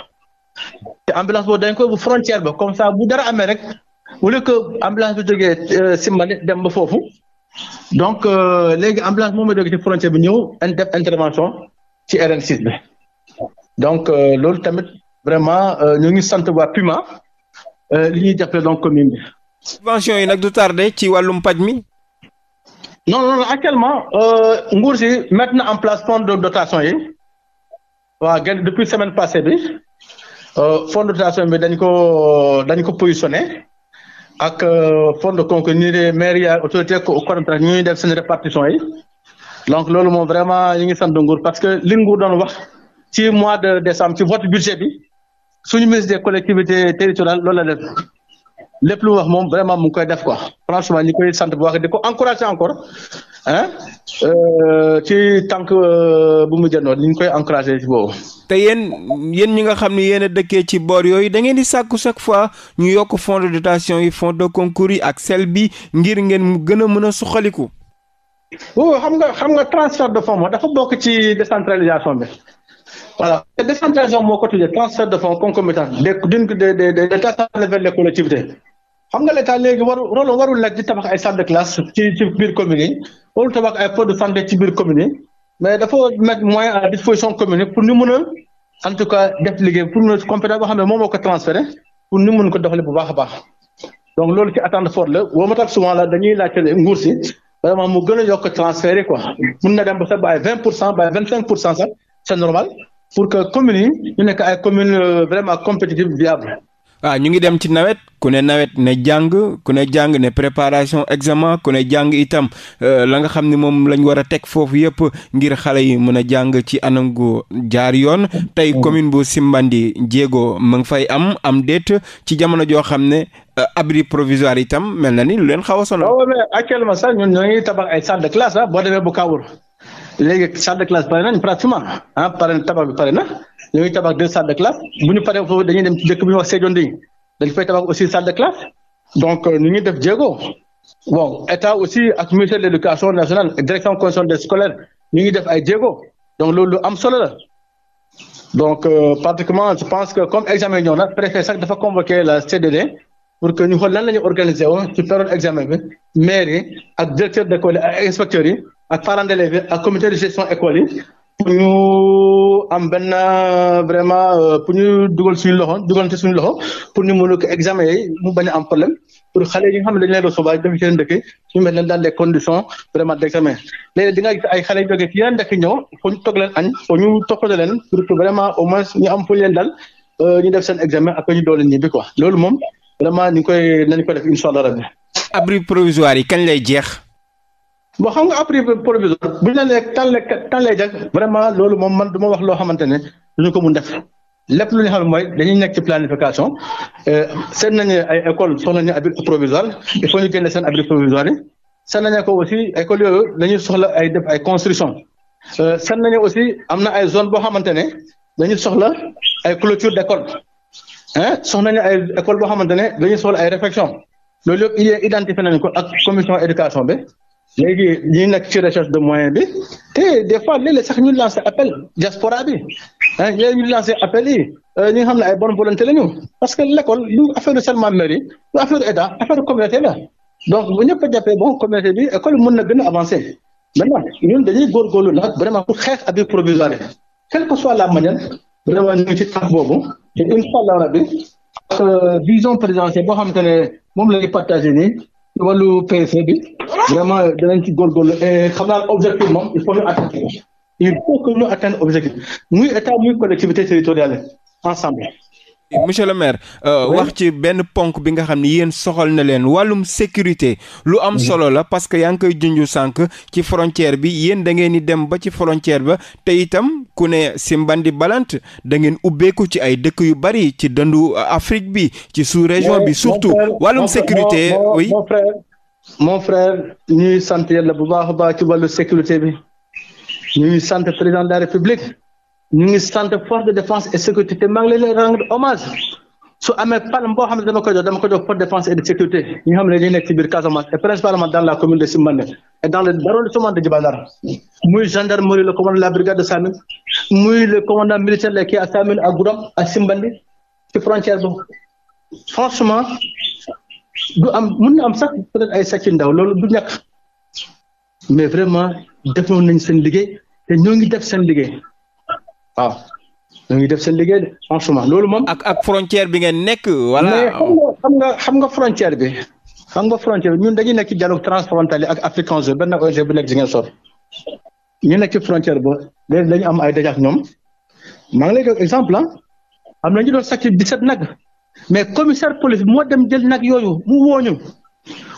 S2: te ambulance boobu dañ koy bu frontière ba comme ça bu dara amee rek au lieu que ambulance bi jógee euh, Simbali dem ba foofu donc léegi ambulance moom la jógee ci frontière bi ñëw def intervention ci rn bi donc loolu tamit. vraiment euh, ñoo ngi sant waa Puma euh, li ñuy jàppale donc commune bi. subvention yi nag du tardé ci wàllum paj mi. non non actuellement euh, nguur si mettre na en place fonds de dotation yi waaw gën depuis semaine passée bi fonds de dotation bi dañ ko dañ ko positionné ak fonds de concours ni de mairie ya autorité ko contrat ñuy def seen répartition yi donc loolu moom vraiment ñu ngi sant nguur parce que li nguur doon wax ci mois de décembre ci vote budget bi suñu ministre des collectivités territoriales loolu la def lépp lu wax moom vraiment mu ngi koy def quoi franchement ñu koy sant bu wax di ko encourager encore ah ci tànk euh, bu mu jëndoon ñu ngi koy encourager boobu. te yéen yéen ñi
S1: nga xam ne yéen a dëkkee ci boor yooyu da ngeen di sàkku chaque fois ñu yokk fonds de dotation yi fonds de concours
S2: yi ak sel bi ngir ngeen mu gën a mën a suqaliku. waaw oh, xam nga xam nga transfert de fonds dafa bokk ci décentralisation bi. voilà cette décentralisation moo ko tuddee transfert de fonds concomitant des d'une des des des des tâches vers les collectivités xam nga l'état léegi waru rôle warul nekk di tabax ay salle de classe ci ci biir communes yi warul ay postes de ci biir communes yi mais dafa mettre moyen à disposition commune pour ñu mën a en tout cas def liggéey pour ñu compétence boo xam ne moom moo ko transféré pour ñu mën ko doxalee bu baax a baax donc loolu ci attente forte la woo ma tax souvent la dañuy laajte a c' est normal pour que communes yi nekk ay communes euh, vraiment compétitives viables.
S1: waaw ah, ñu ngi dem ci nawet ku ne nawet ne jàng ku ne jàng ne préparation examen ku ne jàng itam euh, la nga xam ne moom lañ war a teg foofu yëpp ngir xale yi mën a jàng ci anam gu jaar yoon tey commune bu Simbandi jéego mu ngi fay am am déet ci jamono joo xam ne euh, abri provisoire
S2: itam mel na ni lu leen xaw a sonal. waaw ah mais actuellement sax ñoo ngi ay salle de ah, boo demee bu Kaawur léegi salle de classe pare nañ pratiquement ah pare na tabax bi pare na ñu ngi tabax deux salles de classe bu ñu paree foofu dañuy dem ci dëkk bi ñuy wax Sédhiou Ndié dañ fay tabax aussi salle de classe donc euh, ñu ngi def jéego bon état aussi ak ministère de l' éducation nationale direction condition des scolaires ñu ngi def ay jéego donc loolu lu am solo la donc euh, pratiquement je pense que comme examen ñëw na préfet sax dafa convoqué la CDD pour que ñu xool lan la ñu organiser woo ci période examen bi maire yi ak directeur d'école ak inspecteurs yi. ak parents d'élèves ak comité de gestion école yi pour ñu am benn vraiment euh, pour ñu dugal suñu loxo dugalante suñu loxo pour ñu mën a examen yi mu bañ a am problème pour xale yi nga xam ne dañu leen recevoir dem ci seen dëkk ñu mettre leen dans des conditions vraiment di nga ay xale yu jógee ci yeneen dëkk ñëw foo ñu toog leen añ foo ñu toppatoo leen pour que vraiment au moins ñu am fu leen dal euh, ñu def seen examen a ñu doole ñibbi quoi loolu moom vraiment ñu koy nañu ko def incha allah rabbi abri provisoire yi kañ lay jeex. moo xam nga après provisoire bu ñu la nee tànle tànle jag vraiment loolu moom man du ma wax loo xamante ne duñu ko mun def lépp lu ñu xam mooy dañuy nekk ci planification euh, seet nañu ay école soxla ñu abri provisoire il ñu génne seen abri provisoire yi seet ko aussi école yooyu dañuy soxla ay def ay construction euh, seet nañu aussi am na ay zone boo xamante ne dañuy soxla ay clôture d'école ah soxla nañu ay école boo xamante ne dañuy soxla ay réflexion loolu yëpp identifié ko ak commission éducation bi léegi ñi nekk ci recherche de moyen bi te des fois léeg sax ñu lancé appel diaspora bi ah ñu lancé appel yi euh, ñi nga xam ne ay bonne volonté la ñu parce que l'école lu affaire du seulement mairie lu affaire état affaire communauté la donc bu ñëpp a jàppee bon communauté bi école mën na gën a avancé maintenant ñun dañuy góorgóorlu nag vraiment pour xeex abus provisoire yi soit la manière vraiment ñu ngi ci tànk boobu te incha euh, vision présidentielle boo xamante ne moom la ñuy partagé nii. ci wàllu PSE bi vraiment danañ ci góorgóorlu eh, xam naa objectif moom il faut ñu atteindre il faut que ñu atteindre objectif muy état muy collectivité territoriale
S1: ensemble Euh, monsieur le maire euh, wax ci benn ponk bi nga xam ni yéen soxal na leen wàllum sécurité lu am solo la parce que yaa ngi koy junju sànq ci frontière bi yéen da ngeen di dem ba ci frontière ba te itam ku ne Simbandi Balant da ngeen ubbeeku ci ay dëkk yu bari ci dëndu Afrique bi ci sous-région bi surtout wàllum sécurité oui
S2: mon frère ñuy sant yàlla bu baax a baax ci wàllu sécurité bi ñuy sant président de la république ñu ngi sant force de défense et sécurité te maa ngi leen rendre hommage amee palme boo xam ne dama ko jox dama koy jox force de défense et de sécurité ñi nga xam ne dañuy nekk ci biir Casamance et principalement dans la commune de Simbandi et dans le arrondissement de Djibandar muy gendarmerie le commandant la brigade de Samin muy le commandant militaire la kii à Samin à Gouram à Simbandi ci frontière boobu franchement du am mun na am sax ay sàcc ndaw loolu du ñàkk mais vraiment defoon nañ seen liggéey ñoo ngi def seen liggéey. waaw ñu ngi def seen liggéey de suma loolu moom. ak ak frontière bi ngeen nekk. voilà mais xam nga xam nga frontière bi. xam nga bi ñun dañuy nekk ci dialogue transfrontalier ak Africains Jeunes benn ONG bu nekk si ngeen ñu nekk ci frontière ba léegi dañu am ay daje ñoom maa ngi lay jox exemple ah. am na ñu doon sàcc 17 nag mais commissaire police moo dem jël nag yooyu mu woo ñu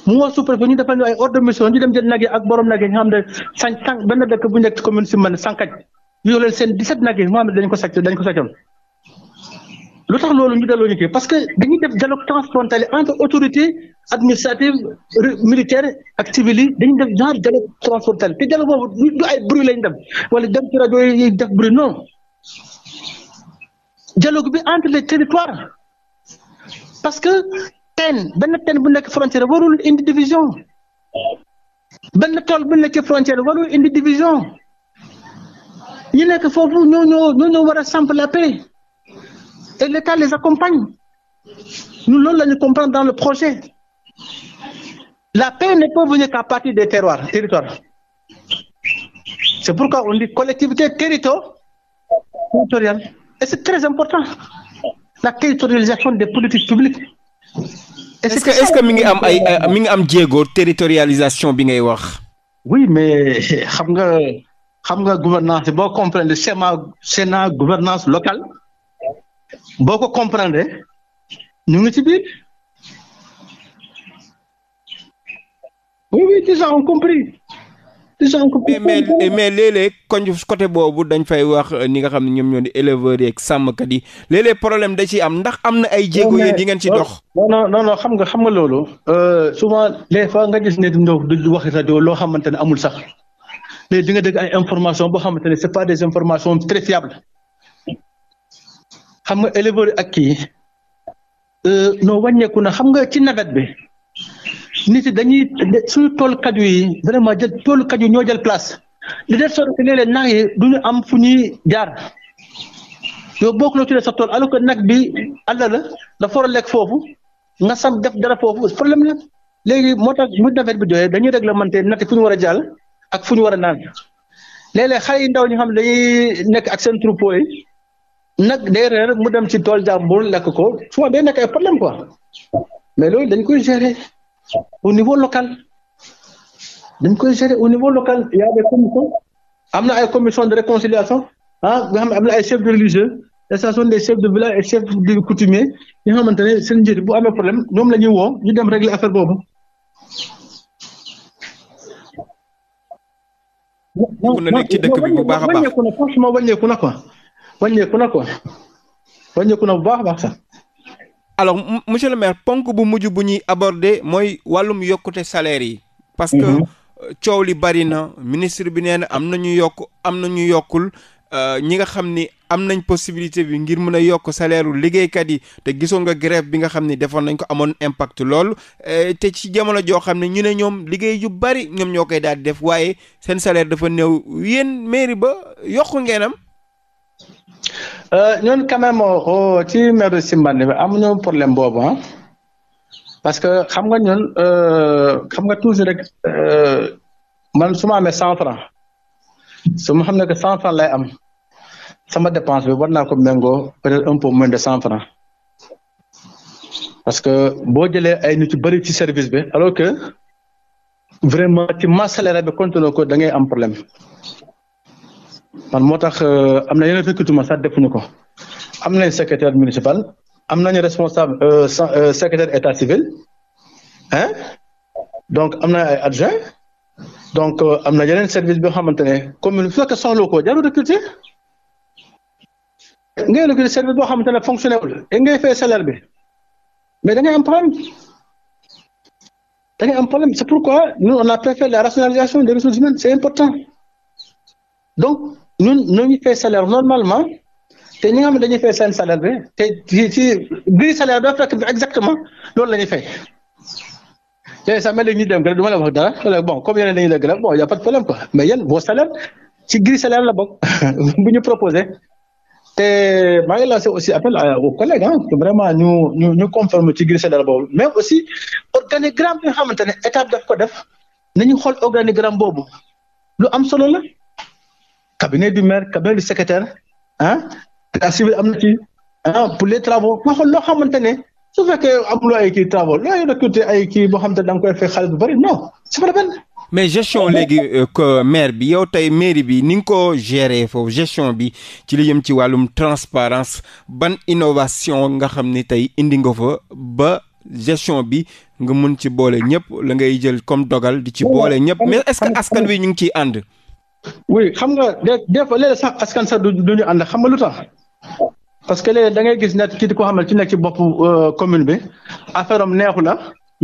S2: mu woo sous ñu defal ay ordre de mission ñu dem jël nag yi ak borom nag yi nga xam ne sànq benn dëkk bu nekk commune si man sànqaj yooleen seen 17 nag yi Mohamed dañ ko sàcc dañ ko sàccoon lu tax loolu ñu delloo ñu parce que dañuy def dialogue transfrontalier entre autorité administrative militaire ak civil yi dañuy def genre dialogue transfrontalier te dialogue boobu du ay bruit lañ def wala dem ci rajo yi def bruit non dialogue bi entre les territoires parce que teen benn teen bu nekk frontière warul indi division benn tool bu nekk frontière warul indi division ñi nekk foofu ñoo ñoo ñoo ñoo war a samp la paix et l'État les accompagne nous loolu la ñu comprendre dans le projet la paix ne peut venir qu'à partir des terroirs territoires c'est pourquoi on dit collectivité territoriale et c'est très important la territorialisation des politiques publiques est-ce que est-ce que mi ngi am ay
S1: mi ngi am jéego territorialisation bi ngay wax
S2: oui mais [laughs] xam nga xam nga gouvernance bi boo comprendre schéma schéma gouvernance locale boo ko comprendre ñu ngi ci biir oui oui déjà mais mais
S1: léeg côté boobu dañ fay wax ni euh, nga xam ne ñoom ñoo di éleveurs yeeg sàmmkat yi léeg-léeg problème da am ndax am na ay jéego yéen yi ngeen ci dox
S2: non non xam nga xam nga loolu euh, souvent des fois nga gis ne di wax sa doo loo xamante ne amul sax léegi di nga dégg ay information boo xamante ne c'est pas des informations très fiables xam nga éleveur ak kii euh, noo wàññeeku na xam nga ci nawet bi nit yi dañuy suñu tool kaju yi vraiment jël toolu kaju ñoo jël place di def sori que léeg-léeg nag yi duñu am fu ñuy jaar yow bokk na ci sa tool alors que nag bi àll la dafa a lekk foofu nga sam def dara foofu problème la léegi moo tax mu nawet bi doyee dañuy réglementé nati fu ñu war a jàll. ak fu ñu war a naan léeg-léeg xale yi ndaw ñi xam dañuy nekk ak seen troupeau yi nag day reer mu dem ci tool jàmbur lekk ko souvent day nekk ay problème quoi mais loolu dañ koy gérer au niveau local dañ koy gérer au niveau local y a am na ay commission de réconciliation ah nga am na ay chefs de religieux ce sont des chefs de village et chefs de coutumier ñi nga xamante ne seen njiit bu amee problème ñoom la ñuy woo ñu dem régler affaire boobu mun na nekk ci dëkk bi bu baax a baax wàññeeku na franchement wàññeeku na quoi wàññeeku na quoi wàññeeku na bu baax baax sax.
S1: alors monsieur le maire ponk bu mujj bu ñuy aborder mooy wàllum yokkute salaire yi. parce que mhm. euh, coow li bari na ministre bi nee na am na ñu yokk am na ñu yokkul. Euh, ñi nga xam ni am nañ possibilité bi ngir mun a yokk salaire u liggéeykat yi te gisoon nga grève bi nga xam ni defoon nañ ko amoon impact loolu euh, te ci jamono joo xam ne ñu ne ñoom liggéey yu bari ñoom ñoo koy daal di waaye seen salaire dafa néew
S2: yéen mairie ba yokku ngeenam euh, ñun quand même oh, ci maire de Simbandi bi amuñu problème boobu parce que xam nga ñun xam nga toujours rek man su ma cent francs su ma xam ne que cent franc lay am sama dépense bi war naa ko méngoo peut être un peu moins de cent franc parce que boo jëlee ay nit yu bëri ci service bi alors que vraiment ci masse salaire bi continué ko da ngay am problème man moo tax euh, am na yeneen recrutement sax defuñu ko am na nañ secrétaire municipal am nañu responsable euh, euh, secrétaire état civil hein donc am na ay adjoint donc euh, am na yeneen service boo xamante ne commune bi fekk soxla ko jarul recruter ngay recruter service boo xamante ne fonctionné wul et ngay fay salaire bi mais danga ngay am problème da ngay am problème c'est pourquoi nous on a préféré la rationalisation des ressources humaines c'est important donc ñun ñoo ñu fay salaire normalement te ñi nga xam ne dañuy seen salaire bi te ci ci biir salaire bi dafa fekk exactement loolu la fay. te sax ma ni ñu dem rek du ma la wax dara bon comme yeneen dañuy dégg rek a pas de ci gris salaire la bokk [laughs] bu ñu proposé te maa ngi lancé aussi appel aux collègues ah vraiment ñu ñu ñu ci gris salaire boobu même aussi organigramme bi nga xamante ne état ko def nañu xool organigramme boobu lu am solo la cabinet du maire cabinet du secrétaire ah la civile am na ci ah pour les travaux ma xool loo xamante ne. su fekkee amuloo ay kii travaux looy recruter ay kii boo xam te da nga koy fay xaalis bu bëri non c'est
S1: mais gestion léegi euh, maire bi yow tey mairie bi ni nga ko gérer foofu gestion bi ci li jëm ci wàllum transparence ban innovation nga xam ni tey indi nga fa ba gestion bi nga mun ci boole ñëpp la ngay jël comme dogal di ci boole ñëpp mais est askan wi ñu ngi ciy ànd.
S2: oui xam nga des des fois sax askan sax du ñu ànd xam nga lu tax parce que léegi da ngay gis nekk kii ko xam ne ci nekk ci bopp euh, commune bi affaire am neexu la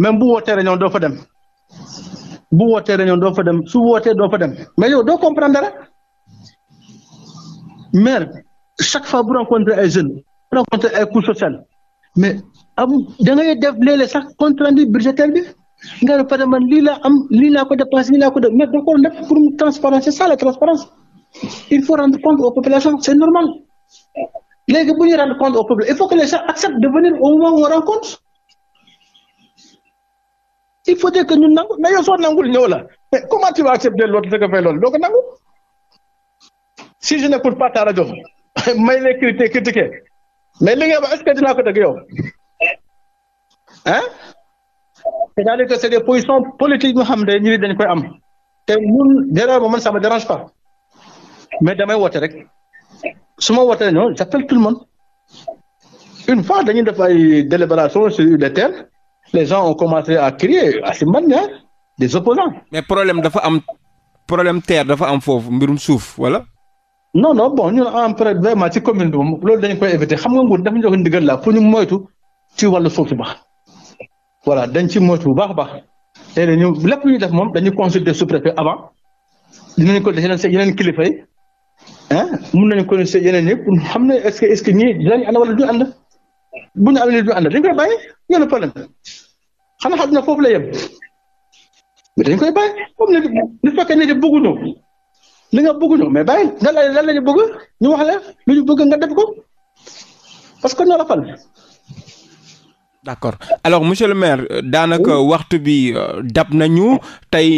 S2: même bu wootee réunion doo fa dem bu wootee réunion doo fa dem su wootee doo fa dem mais yow doo comprendre dara maire chaque fois bu rencontré ay jeunes bu rencontré ay couche sociale mais am da ngay def léeg sax compte rendu budgétaire bi nga ne pare man lii la am lii laa ko dépassé lii laa ko def mais da ko pour transparence c'est ça la transparence il faut rendre compte aux léegi bu ñu rendre compte au peuple il faut que les gens acceptent de venir au moment il faut dire que ñun nangu mais yow soo nangul ñëw la mais comment tu vas accepter l'autre te que fay loolu doo ko nangu si je n'écoute pas ta rajo [laughs] may lay critiquer critiquer mais li nga wax est-ce que dinaa ko dëgg yow ah c'est-à-dire que c'est des yoo xam ne ñu dañ koy am te mun dérange man ça me mais damay woote rek su ma wootee ñoom j'appelle tout le monde une dañuy def ay délibération sur les terres les gens ont commencé à crier à se manier des opposants
S1: mais problème dafa am problème terre dafa am foofu mbirum
S2: suuf wala. non non bon ñun en pré vraiment ci commune bi moom loolu dañ koy éviter xam nga nguur dafa ñu jox ndigal la pour ñu moytu ci wàllu suuf si baax voilà dañ ci moytu bu baax a baax léegi ñu lépp lu def moom dañuy consulter sous-préfet avant dinañ ko def yeneen yeneen kilifa yi ah mun nañu connaître yeneen yëpp xam ne est-ce que est-ce que ñii dinañ ànd wala du ànd bu ñu amee du ànd dañ koy bàyyi yow la problème xanaa xam na foofu la yem mais dañ koy bàyyi comme ni li fekkee ne bëgguñu li nga bëgguñu mais bàyyi lan la lan la ñu bëgg ñu wax la lu ñu bëgg nga def ko parce que noonu la
S1: d' accord alors monsieur le maire euh, daanaka waxtu bi euh, dab nañu tey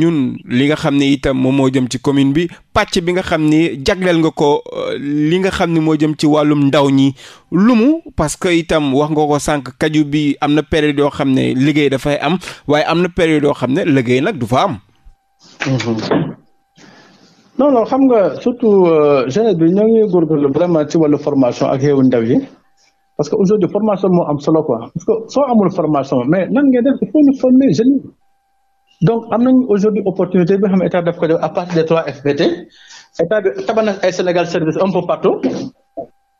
S1: ñun li nga xam ne itam moom moo jëm ci commune bi pàcc bi nga xam ni jagleel nga ko euh, li nga xam ne moo jëm ci wàllum ndaw ñi lumu mu parce que itam wax nga ko sànq kaju bi am na période yoo xam ne liggéey dafay am waaye am na période yoo xam ne liggéey nag du fa am.
S2: Mhm. non lool xam nga surtout jeunesse bi ñoo ngi góorgóorlu vraiment ci wàllu formation ak yeewu ndaw yi. parce que aujourd'hui formation moo am solo quoi parce que soo amul formation mais nan ngay il faut ñu former jeunes donc am nañu aujourd'hui opportunité bi xam état def ko def à partir des trois FPT état bi tabax na ay Sénégal service un peu partout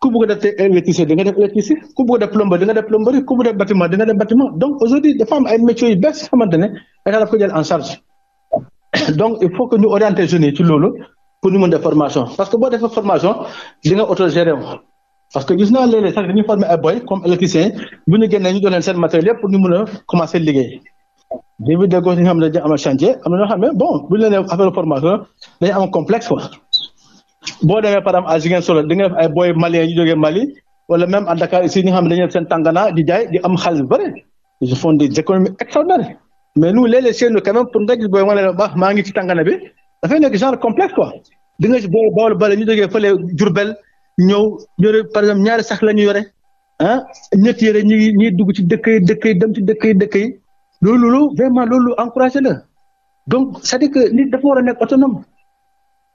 S2: ku bëgg def tey électricien di def électricien ku bëgg def plomberie di def plomberie ku bëgg def bâtiment di def bâtiment donc aujourd'hui dafa ay métiers yu bees xamante ne état daf ko jël en charge [coughs] donc il faut que ñu orienter jeunes yi ci loolu parce que boo defee formation di parce que gis naa léeg-léeg sax dañuy former ay boy comme électricien bu ñu génnee ñu doon leen seen matériel yëpp pour ñu a commencer liggéey di bi déggoo si xam ne dañu amal chantier am na ñoo xam ne bon bu ñu affaire formation dañu am complexe quoi boo demee par exemple à Ziguinchor di nga ay boy malien yu jógee Mali wala même à Dakar ici xam ne dañuy seen tàngana di jaay am xaalis bu bëri ils mais nous léeg-léeg seen quand baax maa ngi ci tàngana bi dafay nekk genre complexe quoi ñëw yore par ñaari sax la ñu yore ah ñett yére ñi dugg ci dëkk yi dëkk dem ci dëkk yi dëkk yi loolu loolu vraiment loolu encouragé la donc c'est-à-dire que nit dafa war a nekk autonome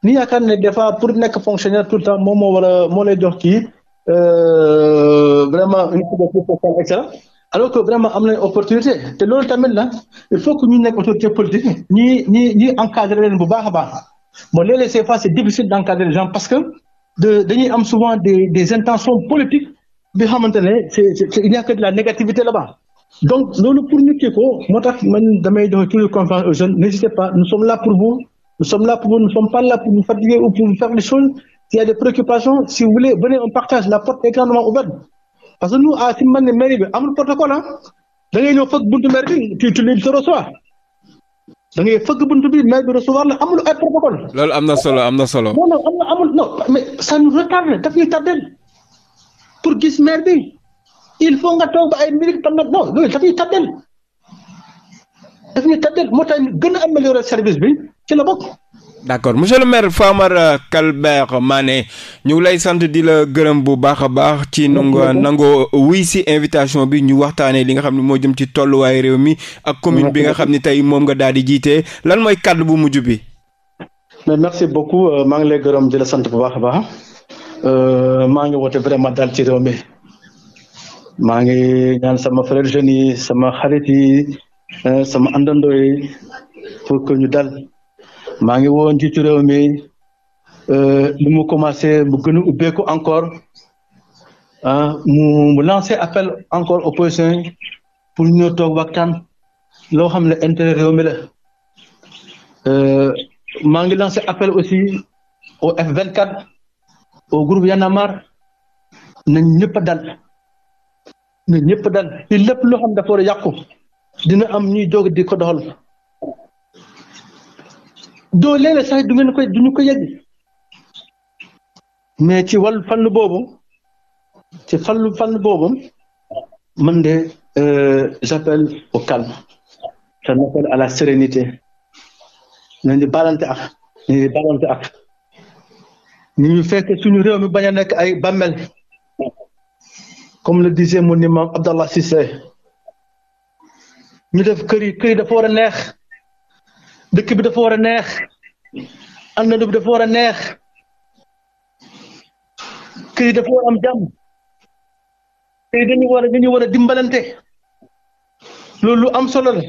S2: ni yaakaar ne des fois pour nekk fonctionnaire tout le temps moom moo war a moo lay jox kii euh, vraiment une situation et cetera alors que vraiment am nañ opportunité te loolu tamit la il faut que ñu nekk autorité politique ñi ñi ñi encadrer leen bu baax a baax bon léeg-léeg c'est pas difficile d'encadrer les parce que de dañuy am souvent des des intentions politiques bi xamante ne c'est c'est il n'y a que de la négativité là donc loolu pour ñu kii ko moo tax man damay joxe toujours conférence aux jeunes n'hésitez pas nous sommes là pour vous nous sommes là pour vous nous sommes pas là pour vous fatiguer ou pour vous faire des choses s'il y a des préoccupations si vous voulez venez on partage la porte est ouverte parce que nous ah si man ne protocole ah da dangay fëgg buntu bi maire bi recevoir la amul ay protocole.
S1: loolu am na solo am na solo. non
S2: am na amul non mais ça nous retarde daf ñuy tardel pour gis maire bi il faut nga toog ba ay minutes tam non loolu daf ñuy tardel daf ñuy tardel moo tax ñu gën a améliorer service bi ci la bokk. d' accord monsieur le maire
S1: Famara Kalbert Mané ñu ngi lay sant di la gërëm bu baax a baax ci nangu nangoo euh, wuy si invitation bi ñu waxtaanee li nga xam ne moo jëm ci tolluwaay réew mi ak commune bi nga xam ne tey moom nga daal di jiite lan mooy kàddu bu mujj bi.
S2: mais beaucoup euh, maa ngi lay gërëm di la sant bu baax a baax euh, maa ngi woote vraiment daal ci réew mi maa ngi ñaan sama frère jeunes yi sama xarit yi sama àndandoo pour que ñu dal. maa ngi woo njiitu réew mi li euh, mu commencé bu gën a ubbeeku encore ah mu mu appel encore opposition yi pour ñu toog waxtaan loo xam ne intérêt réew mi la euh, maa ngi lancé appel aussi au F24 au groupe Y'en a marre nañ ñëpp dal nañ ñëpp a dal te lépp loo xam dafa war a dina am ñuy jóg di ko doxal. doo léeg-léeg sax du ngeen koy du ñu ko yëg mais ci wàllu fànn boobu ci fàllu fànn boobu man de euh, j'appelle au calme j'en appelle la sérénité nañ di balante ak nañ balante ak ni ñu fekk suñu réew mi bañ a nekk ay bàmmel comme le disait mon imam Abdallah Cissé ñu def kër yi kër yi dafa war a neex dëkk bi dafa war a neex àndandoo bi dafa war a neex kër yi dafa war a am jàmm kër yi dañu war a dañu war a dimbalante loolu lu am solo la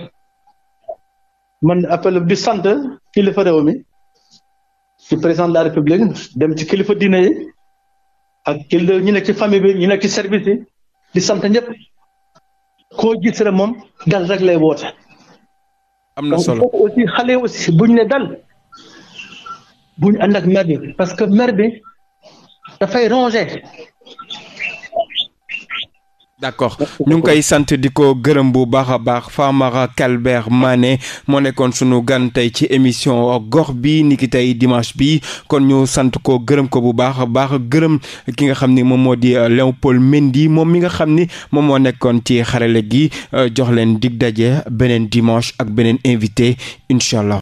S2: man appel di sant kilifa réew mi ci président de la république dem ci kilifa diine yi ak kilifa ñu nekk ki famille bi ñu nekk ci service yi di sant ñëpp koo gis rek moom dal rek lay woote. am na solo donc aussi xale aussi buñ ne dal buñ ànd ak mer bi parce que mer bi dafay ronger
S1: d'accord ñu ngi koy sant di ko gërëm bu baax a baax Famara Kalbert maane moo nekkoon suñu gan tey ci émission gox bi niki tey dimanche bi kon ñu sant ko gërëm ko bu baax a baax gërëm ki nga xam ni moom moo di euh, Léopold Mendy moom mi nga xam ni moom moo nekkoon ci xarale gi euh, jox leen dig daje beneen dimanche ak beneen invité incha allah.